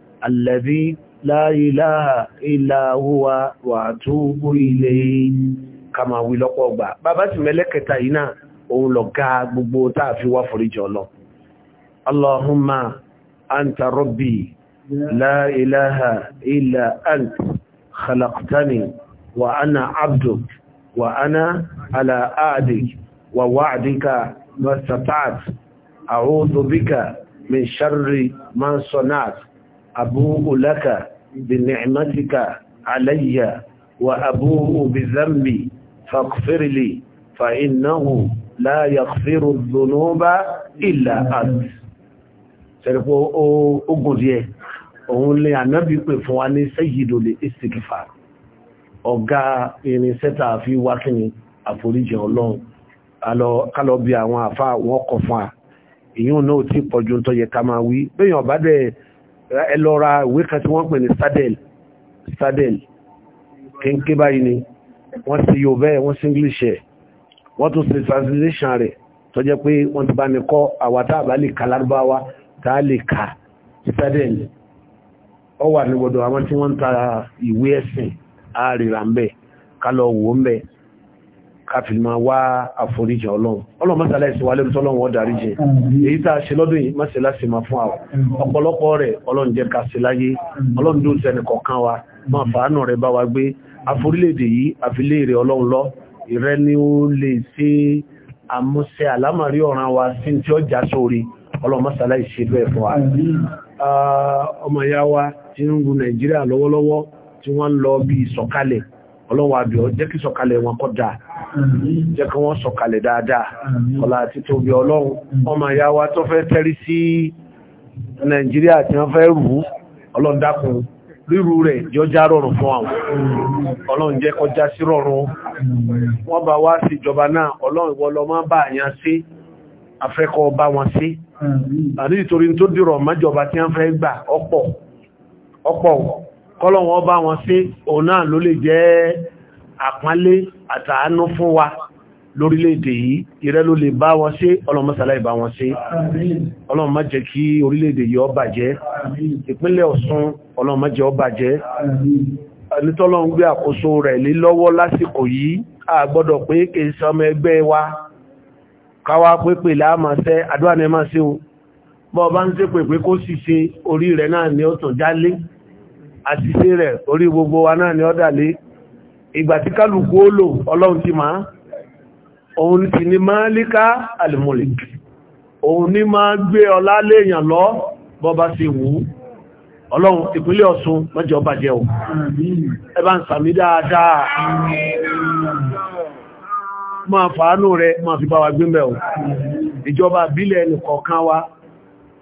الذي لا إله إلا هو وأتوب إليه kama wí lọ́pọ̀ ọgbà bàbá ti mẹ́lẹ́kẹta yìí náà òun lọ ga gbogbo táà fi wá foríjọ lọ Allahumma anta rabbi la ilaha illa ant khalaqtani wa ana abduk wa ana ala adik wa wa'dika ma stata'at a'udhu bika min sharri ma sana'at أبوء لك بنعمتك علي وأبوء بذنبي فاغفر لي فإنه لا يغفر الذنوب إلا أنت sẹ́rẹ̀kọ́ ogun díẹ̀ òun lè ànábí pè fún wa ní sẹ́yìdò lè istikfa ọ̀gá irinṣẹ́ tàà fi wá kí ni àforíjì ọlọ́run kálọ bí àwọn àfá wọn kọ̀ fún a èyí náà tí pọ̀jù tó yẹ ká máa wí bẹ́yàn bá dẹ̀ ẹ lọ ra ìwé kan tí wọ́n pè ní stadel stadel báyìí ni wọ́n sí yóò bẹ́ẹ̀ wọ́n sí english ẹ̀ wọ́n tún sí translation rẹ̀ tó jẹ́ pé wọ́n ti bá ní kọ́ àwàtà àbálì kalárúbáwá tàà lè ka stadel ọ wà ní gbọdọ̀ àwọn tí wọ́n ń ta ìwé ẹ̀sìn àárìrà ń bẹ̀ kálọ̀ wò ń bẹ̀ káfí wá àforíjì ọlọ́run ọlọ́run mọ́sálá ẹ̀sìn wa lẹ́nu tọ́lọ́run wọ́n dárí jẹ èyí tá a ṣe lọ́dún yìí mọ́sálá sì máa fún àwọn ọ̀pọ̀lọpọ̀ rẹ̀ ọlọ́run jẹ́ ká ṣe láyé ọlọ́run wa máa fàánù rẹ̀ bá wa gbé àforílẹ̀-èdè yìí àfilẹ̀ rẹ̀ ọlọ́run lọ ìrẹ́ ni ó wa sí ti ọjà sórí ọlọ́run mọ́sálá ìṣe bẹ́ẹ̀ fún wa ọmọ ìyá wa tí wọ́n lọ bí ìsọ̀kalẹ̀ ọlọ́wọ́ àbíọ́ jẹ́ kí sọ̀kalẹ̀ wọn kọ́ jẹ́ kí wọ́n sọ̀kalẹ̀ dáadáa ọlá àti tóbi ọlọ́run ọmọ ìyá wa tó fẹ́ tẹ́rí sí nàìjíríà tí wọ́n fẹ́ rú ọlọ́run dákun ríru rẹ̀ jọjá rọrùn fún àwọn ọlọ́run jẹ́ kọjá sí rọrùn wọ́n bá wá sí ìjọba náà ọlọ́run ìwọ lọ máa bá àyàn sí afẹ́kọ̀ọ́ bá wọn sí àti nítorí tó dìrọ̀ májọba tí kọ́lọ̀wọ́ bá wọn sí òun náà ló lè jẹ́ àpánlé àtàánú fún wa lórílẹ̀-èdè yìí ìrẹ́ ló lè bá wọn sí ọlọ́mọ́sàlá ìbá wọn sí ọlọ́mọ́ má jẹ́ kí orílẹ̀-èdè yìí ó bàjẹ́ ìpínlẹ̀ Ọ̀ṣun ọlọ́mọ́ má jẹ́ ó bàjẹ́ ẹnitọ́lọ́ ń gbé àkóso rẹ̀ lé lọ́wọ́ lásìkò yìí a gbọ́dọ̀ pé kì í sọmọ ẹgbẹ́ wa káwá pépè láàmàṣẹ́ àdúrà ní ẹ máa ṣe o bọ́ àṣìṣe rẹ̀ orí gbogbo wa náà ni ó dàlé ìgbà tí kálukú ó lò ọlọ́run ti máa òun ti ní máa líká alìmọ̀lìk òun ní máa gbé ọlá léèyàn lọ bọ́bá sí wú ọlọ́run ìpínlẹ̀ Ọ̀ṣun mẹ́jọ bàjẹ́ ò ẹbá ń sàmì dáadáa máa fàánù rẹ máa fi bá wa gbé mẹ́ ò ìjọba bílẹ̀ ẹnìkọ̀ọ̀kan wa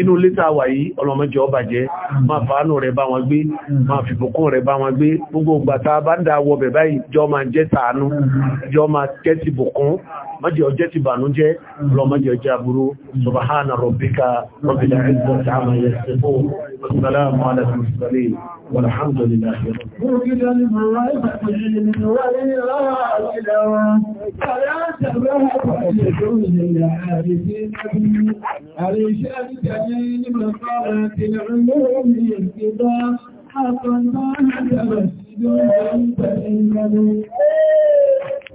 inú létà wà yìí ọlọ́mọjọ́ ọbàjẹ́ máa hmm. fàánù rẹ̀ bá wọn gbé hmm. máa fìbùkún rẹ̀ bá wọn gbé gbogbo gbàtà bá ń dáwọ́ bẹ̀ báyìí jọ máa jẹ́ tàánú hmm. jọ máa kẹ́sìbùkún mọ́jẹ̀ ọjẹ́ ti bànújẹ́ lọ mọ́jẹ̀ ọjẹ́ àbúrú subhana rabbika rabbil izzati amma yasifun wassalamu ala al-mursalin walhamdulillahi Thank you.